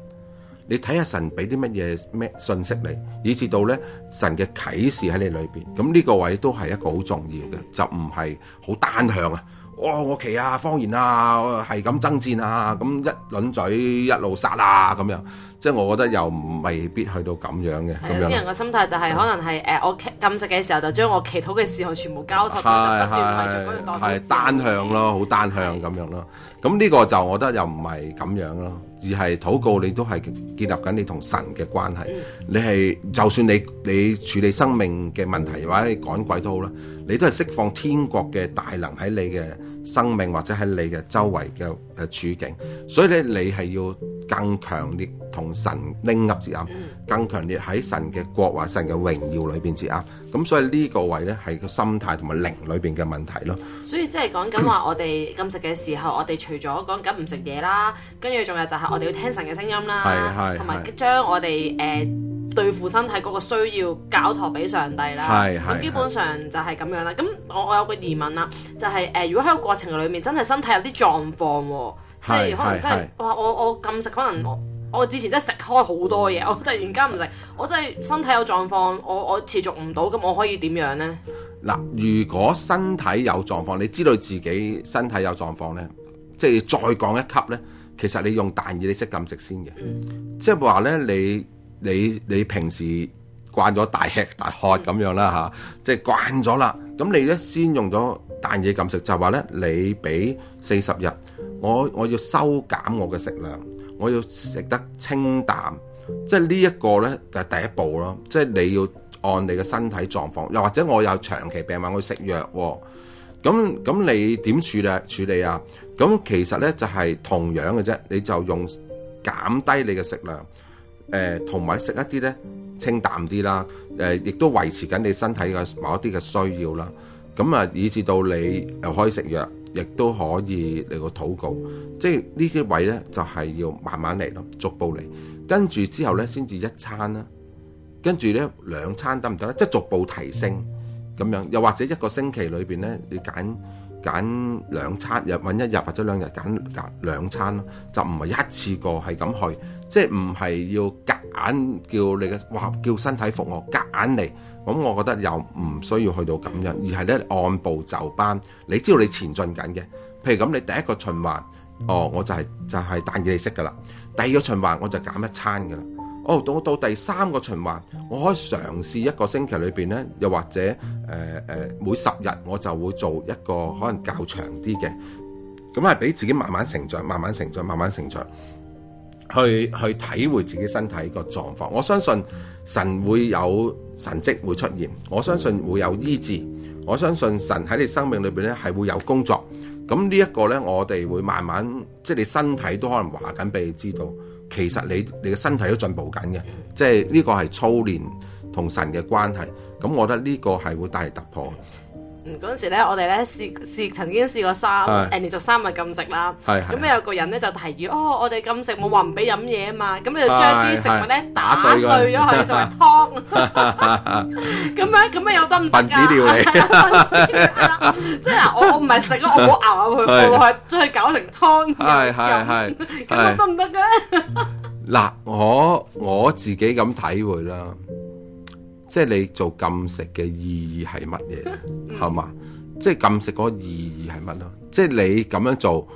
Speaker 3: 你睇下神俾啲乜嘢咩信息你？以至到咧神嘅啟示喺你裏邊。咁呢個位都係一個好重要嘅，就唔係好單向、哦、啊！哇！我騎啊方言啊，係咁爭戰啊，咁一輪嘴一路殺啊咁樣。即係我覺得又未必去到咁樣嘅。有啲人嘅
Speaker 2: 心態就係、是嗯、可能係誒、呃，我禁食嘅時候就將我祈禱嘅事項全部交託，的就不斷係
Speaker 3: 單向咯，好的單向咁的樣咯。咁呢個就我覺得又唔係咁樣咯，而係禱告你都係建立緊你同神嘅關係。嗯、你係就算你你處理生命嘅問題或者你趕鬼都好啦，你都係釋放天國嘅大能喺你嘅。嗯生命或者喺你嘅周圍嘅誒處境，所以咧你係要更強烈同神拎入接押，嗯、更強烈喺神嘅國或、嗯、神嘅榮耀裏邊接押。咁所以呢個位咧係個心態同埋靈裏邊嘅問題咯。
Speaker 2: 所以即係講緊話，我哋禁食嘅時候，嗯、我哋除咗講緊唔食嘢啦，跟住仲有就係我哋要聽神嘅聲音啦，係、係、同埋、嗯、將我哋誒。呃對付身體嗰個需要，搞託俾上帝啦。咁基本上就係咁樣啦。咁我我有個疑問啦，就係、是、誒、呃，如果喺個過程裏面真係身體有啲狀況，即
Speaker 6: 係可能真係
Speaker 2: 哇，我我禁食可能我我之前真係食開好多嘢，嗯、我突然間唔食，我真係身體有狀況，我我持續唔到，咁我可以點
Speaker 3: 樣呢？嗱，如果身體有狀況，你知道自己身體有狀況呢，即係再講一級呢，其實你用大嘢，你識禁食先嘅，嗯、即係話呢，你。你你平時慣咗大吃大喝咁樣啦嚇、啊，即係慣咗啦。咁你咧先用咗淡嘢咁食，就話、是、咧你俾四十日，我我要收減我嘅食量，我要食得清淡。即係呢一個咧就是、第一步咯。即係你要按你嘅身體狀況，又或者我有長期病患，我要食藥喎、哦。咁咁你點處理處理啊？咁其實咧就係、是、同樣嘅啫，你就用減低你嘅食量。誒同埋食一啲咧清淡啲啦，誒、呃、亦都維持緊你身體嘅某一啲嘅需要啦。咁啊，以至到你又、呃、可以食藥，亦都可以嚟個禱告，即係呢啲位咧就係、係、要慢慢嚟咯，逐步嚟。跟住之後咧，先至一餐啦，跟住咧兩餐得唔得咧？即係逐步提升咁樣，又或者一個星期裏邊咧，你揀。揀兩餐，日揾一日或者兩日揀揀兩餐咯，就唔係一次過係咁去，即係唔係要夾硬叫你嘅，哇叫身體服我，夾硬嚟，咁我覺得又唔需要去到咁樣，而係咧按部就班，你知道你前進緊嘅。譬如咁你第一個循環，哦我就係、是、就係大二你識嘅啦，第二個循環我就減一餐嘅啦。哦，到到第三個循環，我可以嘗試一個星期裏邊咧，又或者誒誒、呃呃、每十日我就會做一個可能較長啲嘅，咁係俾自己慢慢成長、慢慢成長、慢慢成長，去去體會自己身體個狀況。我相信神會有神跡會出現，我相信會有醫治，我相信神喺你生命裏邊咧係會有工作。咁呢一個呢，我哋會慢慢即係你身體都可能話緊俾你知道。其實你你嘅身體都進步緊嘅，即係呢個係操練同神嘅關係，咁我覺得呢個係會帶嚟突破。
Speaker 2: 嗰陣時咧，我哋咧試試曾經試過三，連續三日禁食啦。咁有個人咧就提議，哦，我哋禁食，我話唔俾飲嘢啊嘛。咁就將啲食物咧打碎咗佢，成為湯。咁樣咁樣有得唔得？分子料理，
Speaker 6: 分子。即
Speaker 2: 係我唔係食咯，我冇咬佢，我係將佢搞成湯嚟飲。咁得唔得㗎？
Speaker 3: 嗱，我我自己咁體會啦。即係你做禁食嘅意義係乜嘢？係嘛？即係禁食嗰個意義係乜？咯？即係你咁樣做，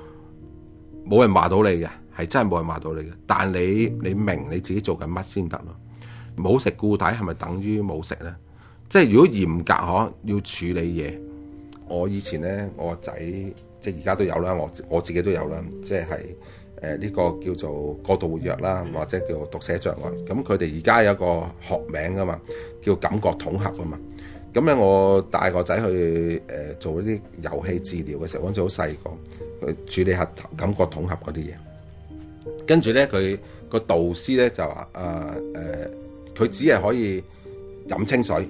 Speaker 3: 冇人話到你嘅，係真係冇人話到你嘅。但你你明你自己做緊乜先得咯？冇食固體係咪等於冇食咧？即係如果嚴格嚇要處理嘢，我以前咧我個仔即係而家都有啦，我我自己都有啦，即係。誒呢、呃呢個叫做過度活躍啦，或者叫讀寫障礙，咁佢哋而家有一個學名噶嘛，叫感覺統合啊嘛。咁咧，我帶個仔去誒、呃、做一啲遊戲治療嘅時候，好似好細個去處理下感覺統合嗰啲嘢。跟住咧，佢、個導師咧就話，誒、呃、誒，佢、呃、只係可以飲清水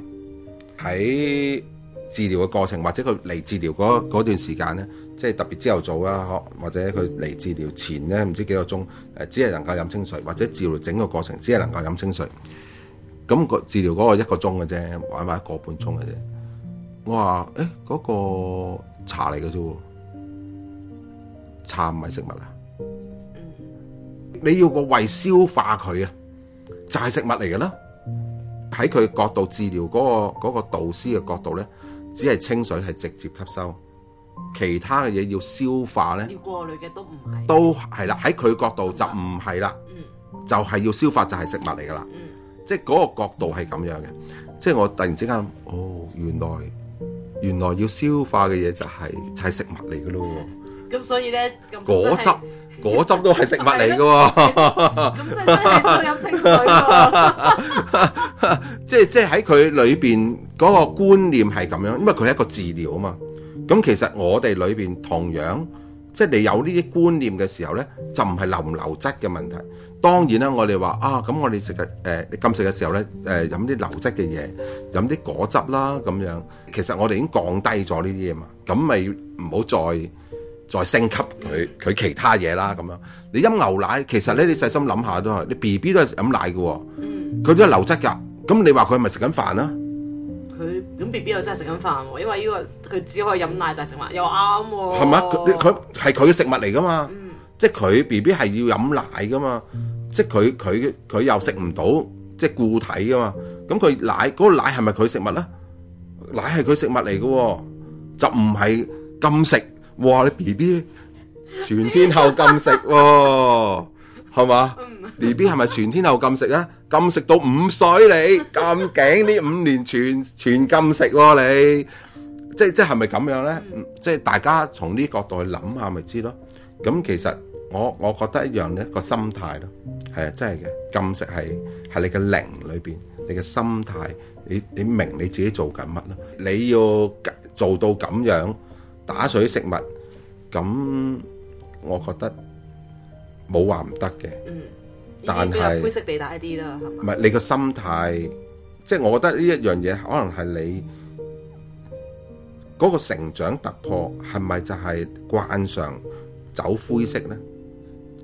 Speaker 3: 喺治療嘅過程，或者佢嚟治療嗰段時間咧。即係特別朝頭早啦，或者佢嚟治療前咧，唔知幾個鐘，誒，只係能夠飲清水，或者治療整個過程只係能夠飲清水。咁個治療嗰個一個鐘嘅啫，玩埋一個半鐘嘅啫。我話誒，嗰個茶嚟嘅啫，茶唔係食物啊。你要個胃消化佢啊，就係食物嚟嘅啦。喺佢角度治療嗰個嗰個導師嘅角度咧，只係清水係直接吸收。其他嘅嘢要消化咧，要
Speaker 2: 過濾
Speaker 3: 嘅都唔係，都係啦。喺佢角度就唔係啦，嗯、就係要消化就係食物嚟噶啦，嗯、即係嗰個角度係咁樣嘅。即係我突然之間，哦，原來原來要消化嘅嘢就係、是、就係、是、食物嚟噶咯。咁所以
Speaker 2: 咧，
Speaker 3: 果汁果汁都係食物嚟噶喎。咁 <laughs> <laughs> <laughs> <laughs> <laughs> 即係你有
Speaker 4: 飲
Speaker 3: 清水？即係即係喺佢裏邊嗰、嗰個觀念係咁樣，因為佢係一個治療啊嘛。咁其實我哋裏邊同樣，即係你有呢啲觀念嘅時候咧，就唔係流唔流質嘅問題。當然啦，我哋話啊，咁我哋食嘅誒，你禁食嘅時候咧，誒飲啲流質嘅嘢，飲啲果汁啦咁樣。其實我哋已經降低咗呢啲嘢嘛，咁咪唔好再再升級佢佢其他嘢啦咁樣。你飲牛奶，其實咧你細心諗下都係，你 B B 都係飲奶㗎喎，佢都係流質㗎。咁你話佢係咪食緊飯啊？
Speaker 2: 咁 B B 又真係食緊飯喎，因為呢個佢只可以飲奶就係食物，又啱喎。
Speaker 3: 係咪啊？佢佢係佢嘅食物嚟噶嘛？即係佢 B B 係要飲奶噶嘛？即係佢佢佢又食唔到即係固體噶嘛？咁佢奶嗰個奶係咪佢食物啦？奶係佢食物嚟嘅，就唔係禁食。哇！你 B B 全天候禁食喎，係嘛？B B 係咪全天候禁食啊？禁食到五水你，咁勁呢，五年全全禁食喎你，即係即係係咪咁樣咧？即係大家從呢角度去諗下咪知咯。咁其實我我覺得一樣咧個心態咯，係啊，真係嘅禁食係係你嘅靈裏邊，你嘅心態，你你明你自己做緊乜咯？你要做到咁樣打水食物，咁我覺得冇話唔得嘅。但係灰色
Speaker 2: 地帶啲啦，係咪？唔係
Speaker 3: 你個心態，即係我覺得呢一樣嘢，可能係你嗰個成長突破係咪就係慣常走灰色咧？嗯、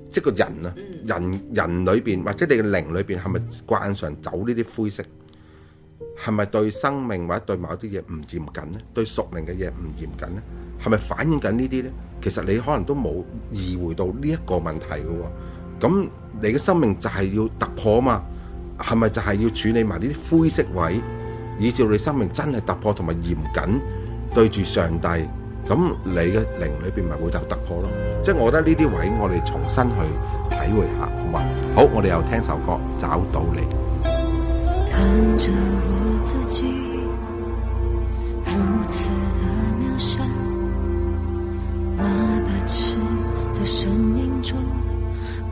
Speaker 3: 即係個人啊，人人裏邊或者你嘅靈裏邊係咪慣常走呢啲灰色？係咪對生命或者對某啲嘢唔嚴謹咧？對屬靈嘅嘢唔嚴謹咧？係咪反映緊呢啲咧？其實你可能都冇意會到呢一個問題嘅、哦。咁你嘅生命就係要突破啊嘛，係咪就係要處理埋呢啲灰色位？以照你生命真係突破同埋嚴謹對住上帝，咁你嘅靈裏邊咪會就突破咯？即係我覺得呢啲位我哋重新去體會下，好嘛？好，我哋又聽首歌，找到你。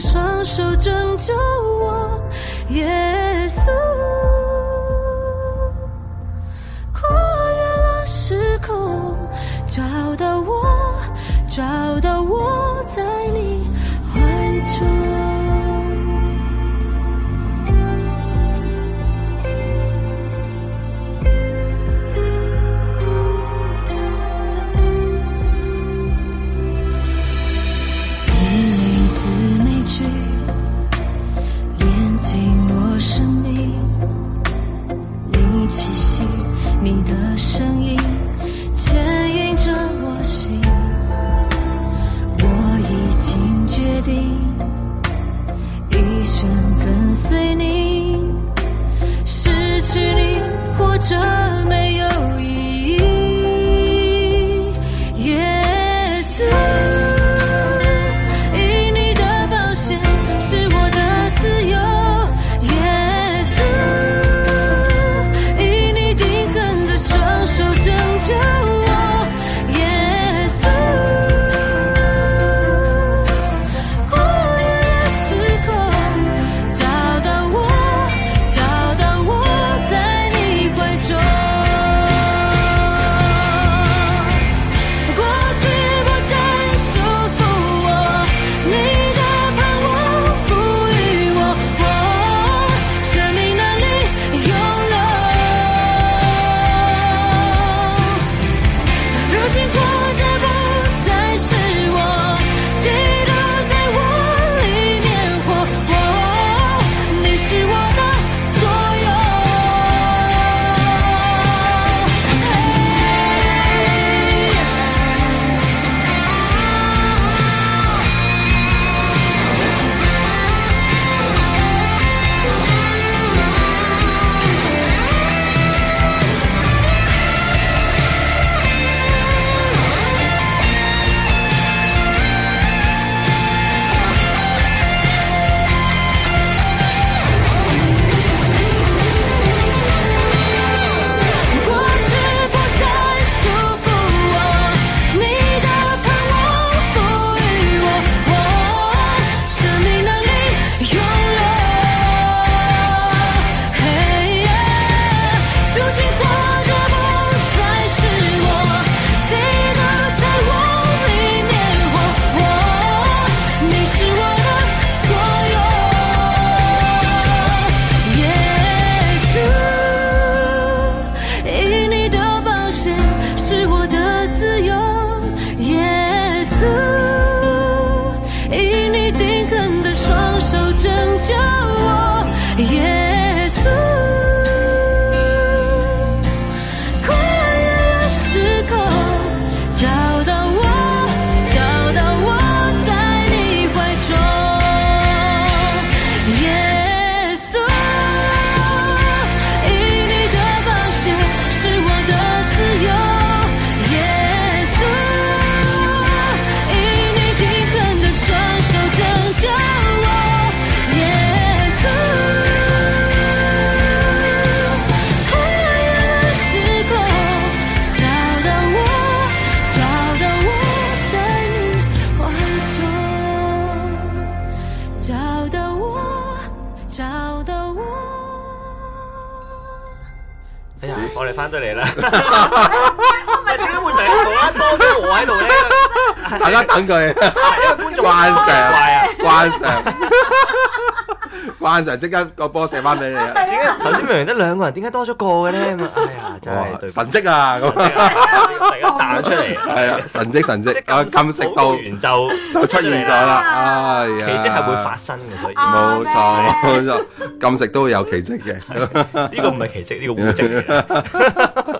Speaker 5: 雙手拯救我，yeah。.找到我，找到我。哎
Speaker 2: 呀，我哋翻到嚟
Speaker 1: 啦！你點 <laughs> 解 <laughs> <laughs> 會喺度啊？多咗我喺度咧，大家等佢。關 <laughs> 啊，關城。
Speaker 3: 馬上即刻個波射翻俾你。點解頭先明明得兩個人，點解多咗個嘅咧？哎呀，真係神迹啊！
Speaker 6: 咁彈出嚟，
Speaker 3: 係啊， <laughs> 神迹神迹。咁禁食到，就就出現咗啦。哎呀，奇迹係會發生嘅，所以冇錯冇錯，禁食 <laughs> 錯 <laughs> 都會有奇迹嘅。呢 <laughs> <laughs> 個
Speaker 4: 唔係奇迹，呢、這個係古蹟。 <laughs>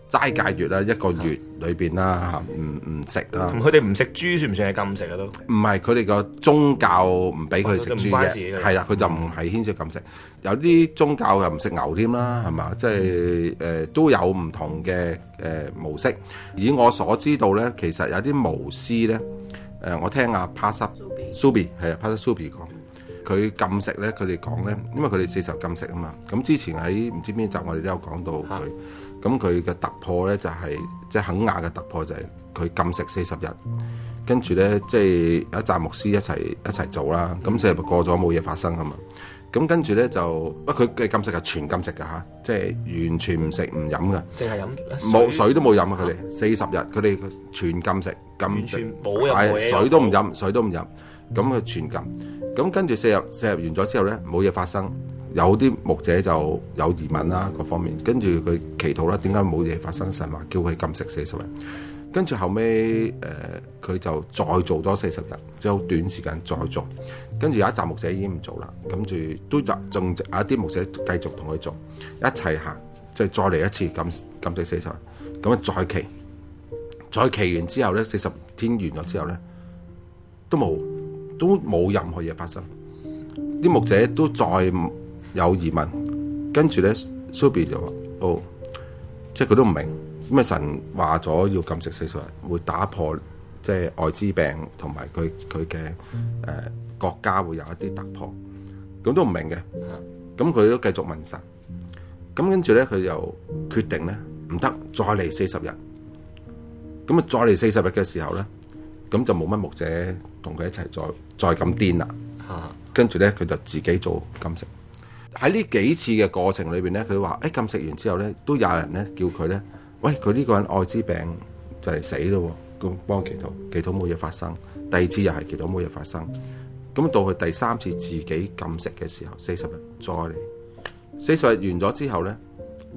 Speaker 3: 齋戒月啦，一個月裏邊啦嚇，唔唔食啦。佢哋唔食豬，算唔算係禁食啊、哦？都唔係佢哋個宗教唔俾佢食豬嘅，係啦，佢就唔係牽涉禁食。嗯、有啲宗教又唔食牛添啦，係嘛？即係誒都有唔同嘅誒、呃、模式。以我所知道咧，其實有啲巫師咧，誒、呃、我聽阿 Passer Subi 係啊，Passer Subi 講佢禁食咧，佢哋講咧，嗯、因為佢哋四十禁食啊嘛。咁之前喺唔知邊集我哋都有講到佢。咁佢嘅突破咧就係即肯亞嘅突破就係佢禁食四十日，跟住咧即有一紮牧師一齊一齊做啦。咁四日過咗冇嘢發生咁啊！咁跟住咧就不佢嘅禁食係全禁食嘅嚇，即完全唔食唔飲嘅，淨係
Speaker 2: 飲冇水
Speaker 3: 都冇飲啊！佢哋四十日佢哋全禁食，完全冇飲水都唔飲，水都唔飲，咁佢全禁。咁跟住四日四日完咗之後咧冇嘢發生。有啲牧者就有疑問啦，各方面跟住佢祈禱啦，點解冇嘢發生？神話叫佢禁食四十日，跟住後尾，誒、呃，佢就再做多四十日，即係好短時間再做，跟住有一紮牧者已經唔做啦，跟住都仲有一啲牧者繼續同佢做，一齊行，即係再嚟一次禁禁食四十日，咁啊再祈，再祈完之後咧，四十天完咗之後咧，都冇，都冇任何嘢發生，啲牧者都再。有疑問，跟住咧蘇比就話，哦，即係佢都唔明，因為神話咗要禁食四十日，會打破即係艾滋病同埋佢佢嘅誒國家會有一啲突破，咁都唔明嘅。咁佢、嗯、都繼續問神，咁跟住咧，佢又決定咧唔得，再嚟四十日。咁啊，再嚟四十日嘅時候咧，咁就冇乜牧者同佢一齊再再咁癲啦。跟住咧，佢就自己做禁食。喺呢幾次嘅過程裏邊咧，佢話：，哎，禁食完之後咧，都有人咧叫佢咧，喂，佢呢個人艾滋病就嚟死咯，咁幫祈禱，祈禱冇嘢發生。第二次又係祈禱冇嘢發生。咁到佢第三次自己禁食嘅時候，四十日再嚟，四十日完咗之後咧，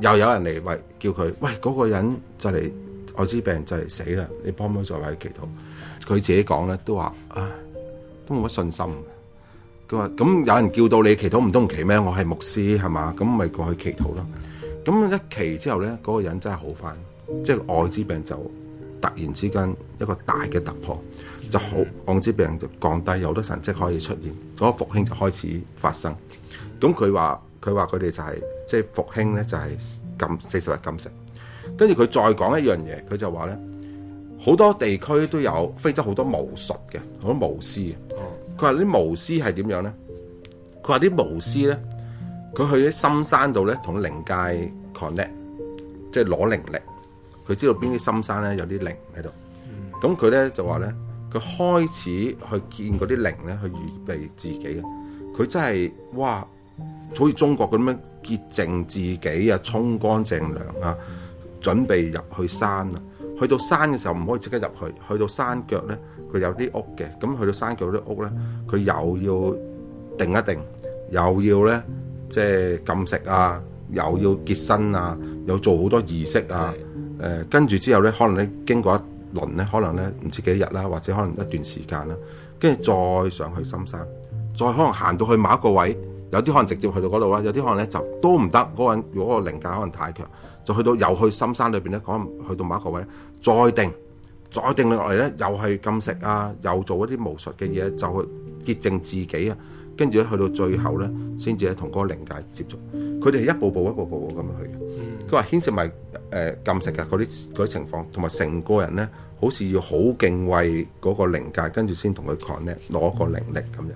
Speaker 3: 又有人嚟喂，叫佢，喂，嗰個人就嚟艾滋病就嚟死啦，你幫唔幫再為佢祈禱？佢自己講咧都話，唉，都冇乜信心。佢話：咁有人叫到你祈禱唔通唔祈咩？我係牧師係嘛？咁咪過去祈禱咯。咁一祈之後咧，嗰、那個人真係好翻，即係愛滋病就突然之間一個大嘅突破，就好，愛滋病就降低，有好多神跡可以出現，嗰、那個復興就開始發生。咁佢話：佢話佢哋就係、是、即係復興咧，就係禁四十日禁食。跟住佢再講一樣嘢，佢就話咧，好多地區都有非洲好多巫術嘅好多巫師。嗯佢話啲巫師係點樣咧？佢話啲巫師咧，佢去喺深山度咧，同靈界 connect，即係攞靈力。佢知道邊啲深山咧有啲靈喺度。咁佢咧就話咧，佢開始去見嗰啲靈咧，去預備自己。佢真係哇，好似中國咁樣潔淨自己啊，沖乾淨涼啊，準備入去山啊！去到山嘅時候唔可以即刻入去，去到山腳咧，佢有啲屋嘅，咁去到山腳啲屋咧，佢又要定一定，又要咧即係禁食啊，又要潔身啊，又做好多儀式啊，誒的，跟住、呃、之後咧，可能咧經過一輪咧，可能咧唔知幾日啦、啊，或者可能一段時間啦、啊，跟住再上去深山，再可能行到去某一個位，有啲可能直接去到嗰度啦，有啲可能咧就都唔得，嗰個人如果個靈界可能太強。就去到又去深山裏邊咧，可能去到某一個位，再定再定落嚟咧，又係禁食啊，又做一啲巫術嘅嘢，就去潔淨自己啊，跟住咧去到最後咧，先至同嗰個靈界接觸。佢哋係一步步一步步咁樣去嘅。佢話牽涉埋誒、呃、禁食嘅嗰啲啲情況，同埋成個人咧，好似要好敬畏嗰個靈界，跟住先同佢 connect 攞個靈力咁樣。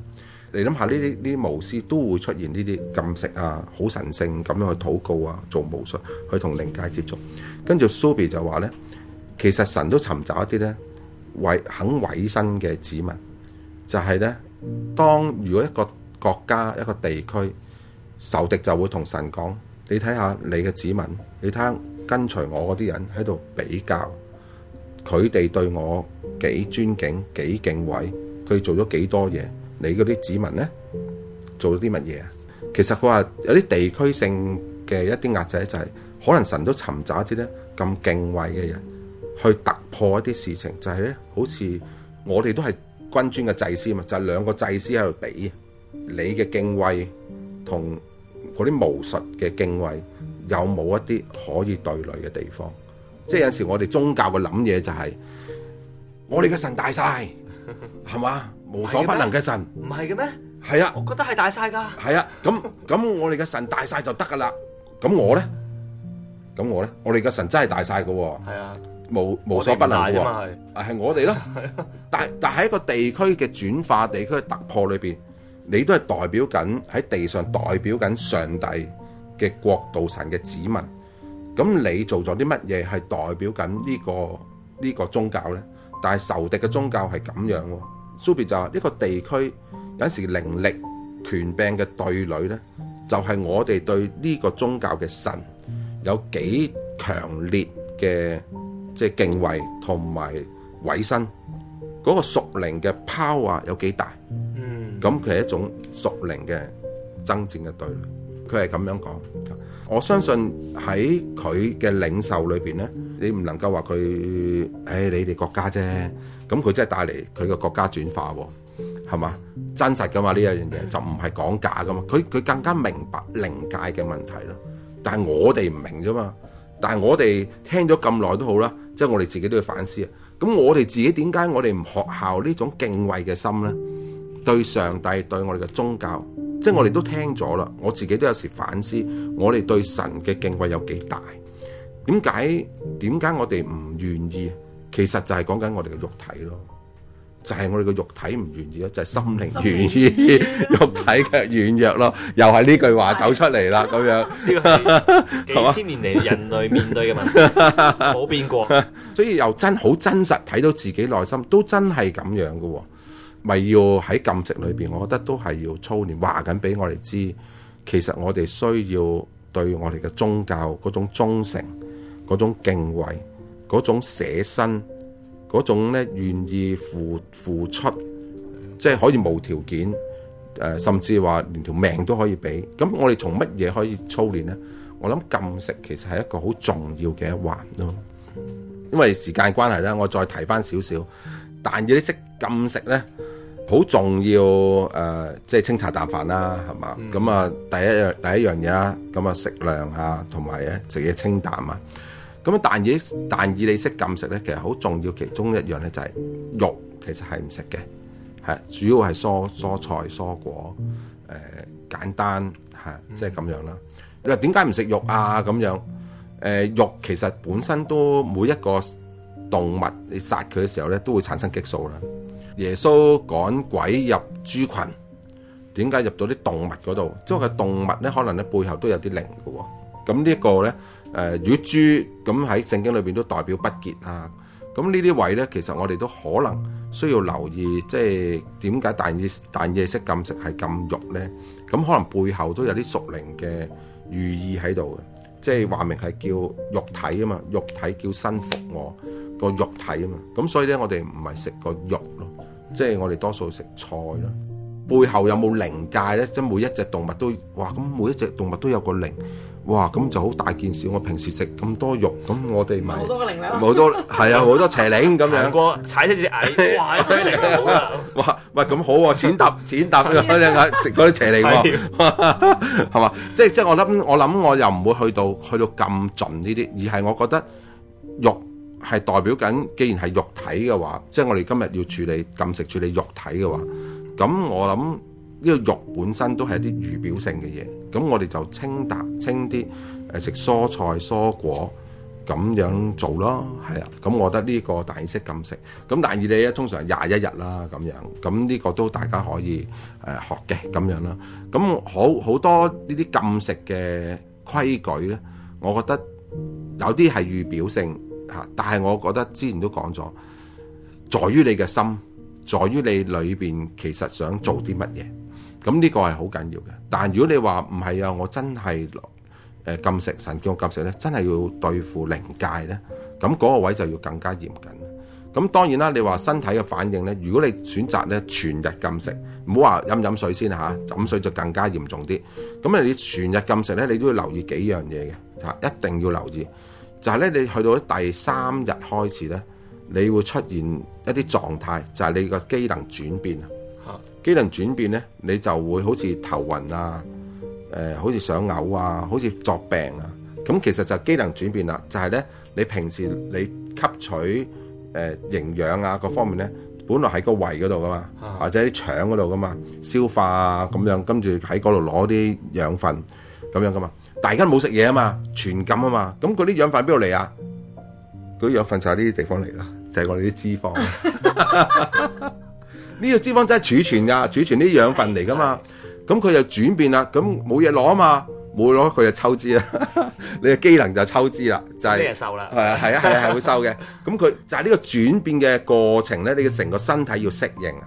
Speaker 3: 你諗下，呢啲呢啲巫師都會出現呢啲禁食啊，好神聖咁樣去禱告啊，做巫術去同靈界接觸。跟住 Sobie 就話呢，其實神都尋找一啲呢為肯委身嘅子民，就係、是、呢。當如果一個國家一個地區受敵，仇敵就會同神講：你睇下你嘅子民，你睇下跟隨我嗰啲人喺度比較，佢哋對我幾尊敬幾敬畏，佢做咗幾多嘢？你嗰啲子民咧做咗啲乜嘢啊？其實佢話有啲地區性嘅一啲壓制就係、是、可能神都尋找啲咧咁敬畏嘅人去突破一啲事情，就係、是、咧好似我哋都係君尊嘅祭司啊嘛，就係、是、兩個祭司喺度比啊，你嘅敬畏同嗰啲巫術嘅敬畏有冇一啲可以對壘嘅地方？即係有時我哋宗教嘅諗嘢就係、是、我哋嘅神大晒，係嘛？無所不能嘅神，唔係嘅咩？係啊，我覺得係大晒噶。係啊，咁咁，我哋嘅神大晒就得噶啦。咁我咧，咁我咧，我哋嘅神真係大晒噶。係啊，無無所不能嘅。我大啊嘛，係係我哋咯。
Speaker 4: 係
Speaker 3: 啊，但但喺一個地區嘅轉化地區嘅突破裏邊，你都係代表緊喺地上代表緊上帝嘅國度神嘅指紋。咁你做咗啲乜嘢係代表緊呢個呢個宗教咧？但係仇敵嘅宗教係咁樣。蘇比就話：呢、這個地區有陣時靈力權柄嘅對壘咧，就係、是、我哋對呢個宗教嘅神有幾強烈嘅即係敬畏同埋委身，嗰、那個屬靈嘅 power 有幾大。嗯，咁佢係一種屬靈嘅爭戰嘅對壘，佢係咁樣講。我相信喺佢嘅領袖裏邊咧，你唔能夠話佢，誒、哎、你哋國家啫，咁佢真係帶嚟佢個國家轉化喎，係嘛？真實噶嘛呢一樣嘢，就唔係講假噶嘛。佢佢更加明白靈界嘅問題咯。但係我哋唔明啫嘛。但係我哋聽咗咁耐都好啦，即係我哋自己都要反思啊。咁我哋自己點解我哋唔學效呢種敬畏嘅心咧？對上帝對我哋嘅宗教。即係我哋都聽咗啦，我自己都有時反思，我哋對神嘅敬畏有幾大？點解？點解我哋唔願意？其實就係講緊我哋嘅肉體咯，就係、是、我哋嘅肉體唔願意咯，就係、是、心靈願意，情 <laughs> 肉體嘅軟弱咯，又係呢句話 <laughs> 走出嚟啦，咁樣。呢個幾千年嚟人類面對嘅
Speaker 1: 問題冇 <laughs> 變過，
Speaker 3: 所以又真好真實睇到自己內心都真係咁樣嘅。咪要喺禁食裏邊，我覺得都係要操練，話緊俾我哋知，其實我哋需要對我哋嘅宗教嗰種忠誠、嗰種敬畏、嗰種捨身、嗰種咧願意付付出，即係可以無條件，誒、呃，甚至話連條命都可以俾。咁我哋從乜嘢可以操練咧？我諗禁食其實係一個好重要嘅一環咯。因為時間關係咧，我再提返少少，但要你識禁食咧。好重要誒，即、呃、係、就是、清茶淡飯啦，係嘛？咁啊、嗯嗯，第一樣第一樣嘢啦，咁、嗯、啊食量啊，同埋咧食嘢清淡啊。咁、嗯、啊，但以但以你識禁食咧，其實好重要，其中一樣咧就係肉，其實係唔食嘅，係主要係蔬蔬菜蔬果誒、嗯呃，簡單嚇，即係咁樣啦。你話點解唔食肉啊？咁樣誒、呃，肉其實本身都每一個動物你殺佢嘅時候咧，都會產生激素啦。耶穌趕鬼入豬群，點解入到啲動物嗰度？即係動物咧，可能咧背後都有啲靈嘅。咁、這個、呢個咧，誒如果豬咁喺聖經裏邊都代表不潔啊。咁呢啲位咧，其實我哋都可能需要留意，即係點解但以理但以理式禁食係禁肉咧？咁可能背後都有啲屬靈嘅寓意喺度嘅，即係話明係叫肉體啊嘛，肉體叫身服我個肉體啊嘛。咁所以咧，我哋唔係食個肉咯。即係我哋多數食菜啦，背後有冇靈界咧？即係每一隻動物都哇，咁每一隻動物都有個靈，哇，咁就好大件事。我平時食咁多肉，咁我哋咪
Speaker 6: 好多個靈咧，好多係啊，好多邪
Speaker 3: 靈咁樣，踩一隻蟻，哇，邪靈好喂，咁好啊，剪搭剪搭，食嗰啲邪靈喎，係嘛、啊？即係即係我諗，我諗我又唔會去到去到咁盡呢啲，而係我覺得肉。係代表緊，既然係肉體嘅話，即係我哋今日要處理禁食、處理肉體嘅話，咁我諗呢個肉本身都係一啲預表性嘅嘢，咁我哋就清淡、清啲，誒食蔬菜、蔬果咁樣做咯，係啦，咁我覺得呢個但以理禁食，咁但以理咧通常廿一日啦咁樣，咁呢個都大家可以誒學嘅咁樣啦，咁好好多呢啲禁食嘅規矩咧，我覺得有啲係預表性。嚇！但係我覺得之前都講咗，在於你嘅心，在於你裏邊其實想做啲乜嘢，咁呢個係好緊要嘅。但如果你話唔係啊，我真係誒禁食神叫我禁食咧，真係要對付靈界咧，咁嗰個位就要更加嚴謹。咁當然啦，你話身體嘅反應咧，如果你選擇咧全日禁食，唔好話飲飲水先嚇，飲、啊、水就更加嚴重啲。咁啊，你全日禁食咧，你都要留意幾樣嘢嘅嚇，一定要留意。就係咧，你去到第三日開始咧，你會出現一啲狀態，就係、是、你個機能轉變啊。機能轉變咧，你就會好似頭暈啊，誒、呃，好似想嘔啊，好似作病啊。咁其實就係機能轉變啦。就係、是、咧，你平時你吸取誒、呃、營養啊，各方面咧，本來喺個胃嗰度噶嘛，或者啲腸嗰度噶嘛，消化啊咁樣，跟住喺嗰度攞啲養分咁樣噶嘛。大家冇食嘢啊嘛，全禁啊嘛，咁嗰啲養分邊度嚟啊？嗰啲養分就喺呢啲地方嚟啦，就係、是、我哋啲脂肪。呢個 <laughs> <laughs> 脂肪真係儲存噶，儲存啲養分嚟噶嘛。咁佢 <laughs> 就轉變啦，咁冇嘢攞啊嘛，冇攞佢就抽脂啦。 <laughs> 你嘅機能就抽脂啦，就係咩瘦啦？係啊 <laughs> 收，係 <laughs> 啊，係會瘦嘅。咁佢就係呢個轉變嘅過程咧，你嘅成個身體要適應啊，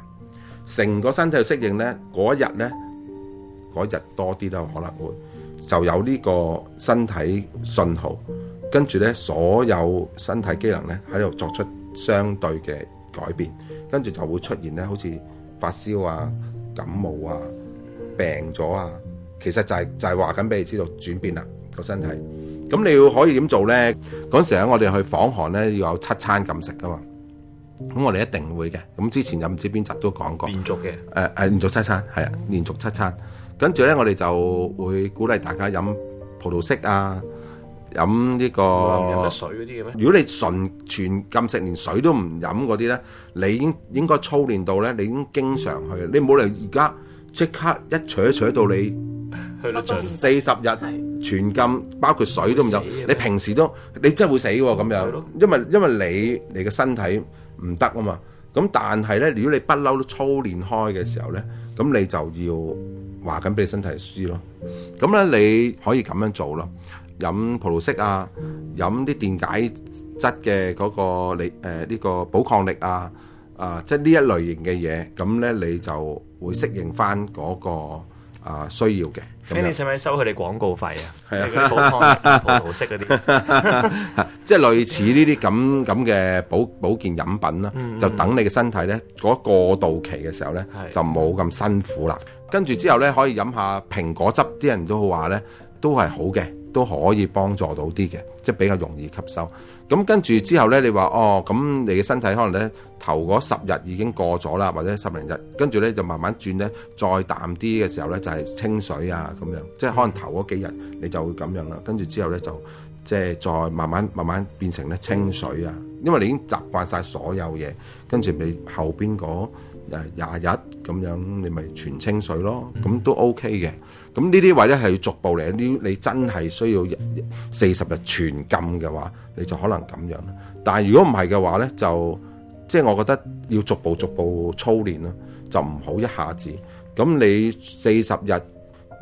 Speaker 3: 成個身體要適應咧，嗰日咧，嗰日多啲咯，可能會。就有呢個身體信號，跟住咧所有身體機能咧喺度作出相對嘅改變，跟住就會出現咧好似發燒啊、感冒啊、病咗啊，其實就係、是、就係話緊俾你知道轉變啦個身體。咁你要可以點做咧？嗰陣時候我哋去訪韓咧要有七餐禁食噶嘛，咁我哋一定會嘅。咁之前有唔知邊集都講過。連續嘅，誒誒、呃，連續七餐，係啊，連續七餐。跟住咧，我哋就會鼓勵大家飲葡萄適啊，飲呢個。飲得水嗰啲嘅咩？如果你純全禁食，連水都唔飲嗰啲咧，你應應該操練到咧，你已經經常去。你冇理由而家即刻一除一除到你四十日全禁，包括水都唔飲。你平時都你真係會死喎咁樣，因為因為你你個身體唔得啊嘛。咁但係咧，如果你不嬲都操練開嘅時候咧，咁你就要話緊俾你身體知咯。咁咧你可以咁樣做咯，飲葡萄適啊，飲啲電解質嘅嗰個力呢、呃這個寶礦力啊，啊、呃、即係呢一類型嘅嘢，咁咧你就會適應翻嗰、那個啊、呃、需要嘅。咁、嗯、你使唔使收佢哋廣告費啊？係啦， <laughs>
Speaker 4: 煲
Speaker 3: 湯、 <laughs> 補喉式啲，即係類似呢啲咁咁嘅保保健飲品啦。嗯嗯就等你嘅身體咧，嗰過渡期嘅時候咧，是就冇咁辛苦啦。跟住之後咧，可以飲下蘋果汁，啲人都話咧，都係好嘅。都可以幫助到啲嘅，即係比較容易吸收。咁跟住之後呢，你話哦，咁你嘅身體可能呢頭嗰十日已經過咗啦，或者十零日，跟住呢就慢慢轉呢，再淡啲嘅時候呢，就係清水啊咁樣，即係可能頭嗰幾日你就會咁樣啦。跟住之後呢，就即係再慢慢慢慢變成呢清水啊，因為你已經習慣晒所有嘢，跟住你後邊嗰誒廿日咁樣，你咪全清水咯，咁都 OK 嘅。咁呢啲位咧係要逐步嚟。呢你真係需要四十日全禁嘅話，你就可能咁樣。但係如果唔係嘅話咧，就即係、就是、我覺得要逐步逐步操練咯，就唔好一下子。咁你四十日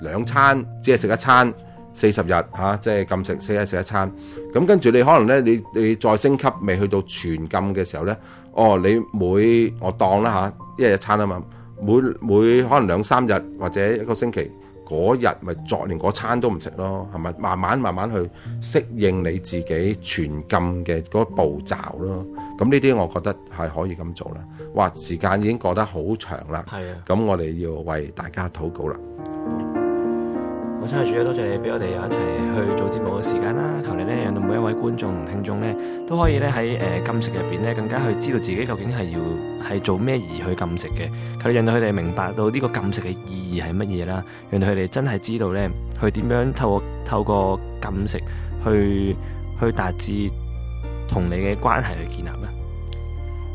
Speaker 3: 兩餐，只係食一餐；四十日嚇，即、啊、係、就是、禁食，四日食一餐。咁跟住你可能咧，你你再升級，未去到全禁嘅時候咧，哦，你每我當啦嚇，一日一餐啊嘛，每每可能兩三日或者一個星期。嗰日咪作連嗰餐都唔食咯，係咪？慢慢慢慢去適應你自己全禁嘅嗰個步驟咯。咁呢啲我覺得係可以咁做啦。哇，時間已經過得好長啦。係啊的，咁我哋要為大家禱告啦。
Speaker 2: 我想係主要多謝你俾我哋有一齊去做節目嘅時間啦，求你咧讓到每一位觀眾同聽眾咧都可以咧喺誒禁食入邊咧更加去知道自己究竟係要係做咩而去禁食嘅，求你讓到佢哋明白到呢個禁食嘅意義係乜嘢啦，讓到佢哋真係知道咧去點樣透過透過禁食去去達至同你嘅關係去建立咧。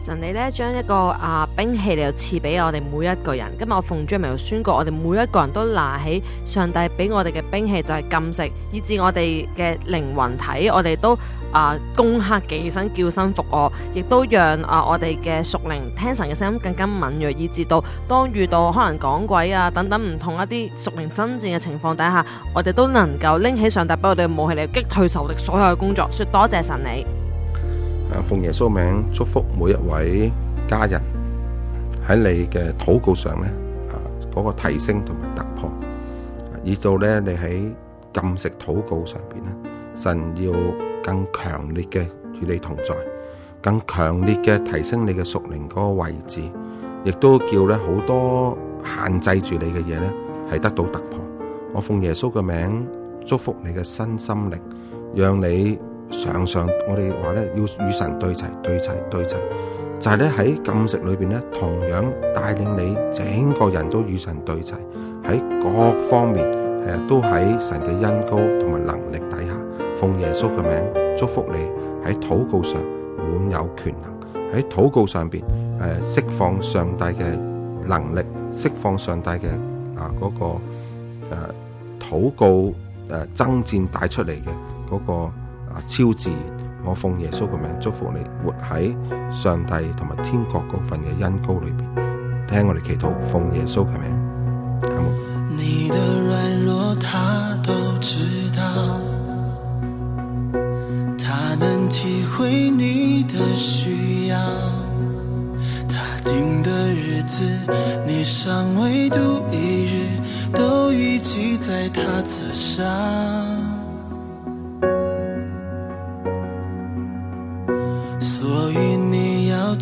Speaker 2: 神你咧將一個啊、呃、兵器嚟又賜俾我哋每一個人，今日我奉主名又宣告，我哋每一個人都拿起上帝俾我哋嘅兵器，就係禁食，以致我哋嘅靈魂體，我哋都啊、呃、攻克己身叫身服我，亦都讓啊、呃、我哋嘅屬靈聽神嘅聲音更加敏銳，以致到當遇到可能講鬼啊等等唔同一啲屬靈爭戰嘅情況底下，我哋都能夠拎起上帝俾我哋嘅武器嚟擊退仇敵所有嘅工作，說多謝神你。
Speaker 3: 奉耶穌名祝福每一位家人喺你嘅禱告上咧，啊嗰個提升同埋突破，以到咧你喺禁食禱告上邊咧，神要更強烈嘅與你同在，更強烈嘅提升你嘅屬靈嗰個位置，亦都叫咧好多限制住你嘅嘢咧係得到突破。我奉耶穌嘅名祝福你嘅新心靈，讓你。常常我哋話咧，要與神對齊、對齊、對齊，就係咧喺禁食裏邊咧，同樣帶領你整個人都與神對齊，喺各方面誒、呃、都喺神嘅恩膏同埋能力底下，奉耶穌嘅名祝福你喺禱告上滿有權能，喺禱告上邊誒、呃、釋放上帝嘅能力，釋放上帝嘅啊嗰、那個誒禱、啊、告誒爭、啊、戰帶，帶出嚟嘅嗰個。超自然，我奉耶穌嘅名祝福你，活喺上帝同埋天國嗰份嘅恩膏裏邊，聽我哋祈禱，奉耶穌嘅
Speaker 1: 名，阿母。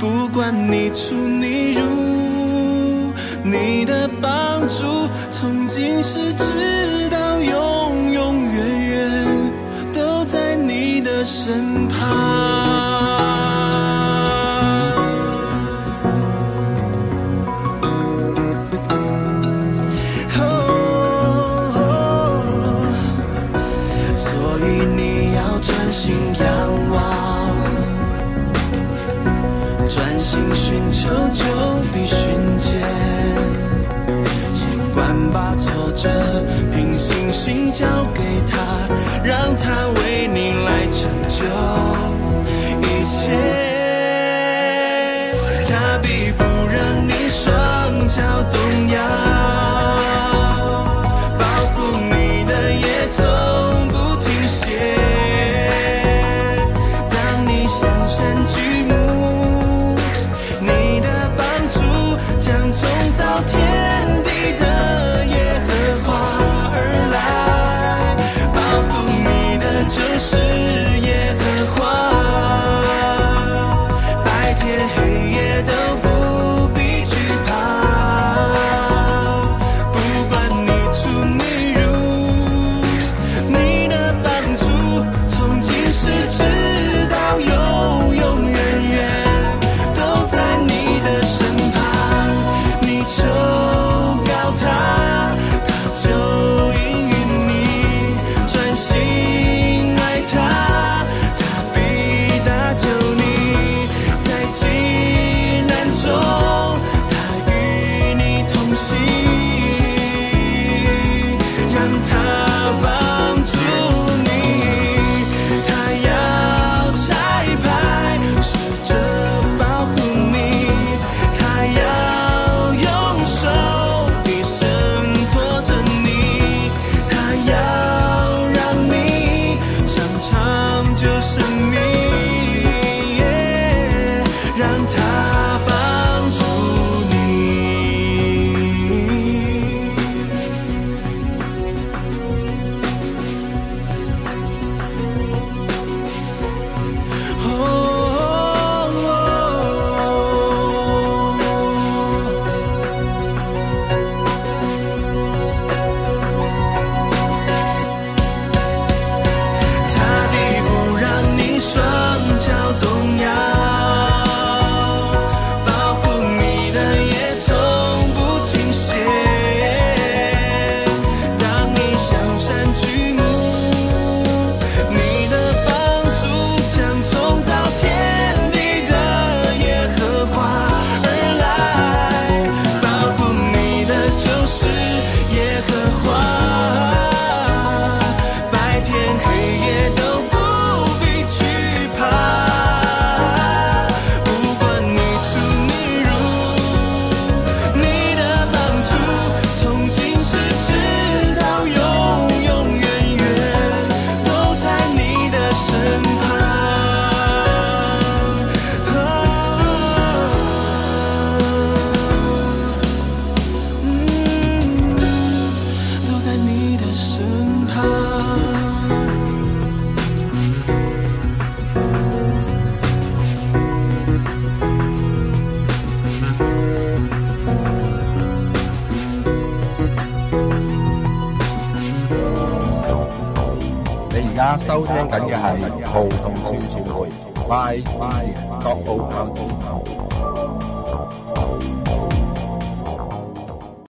Speaker 1: 不管你出你入，你的幫助從今時直。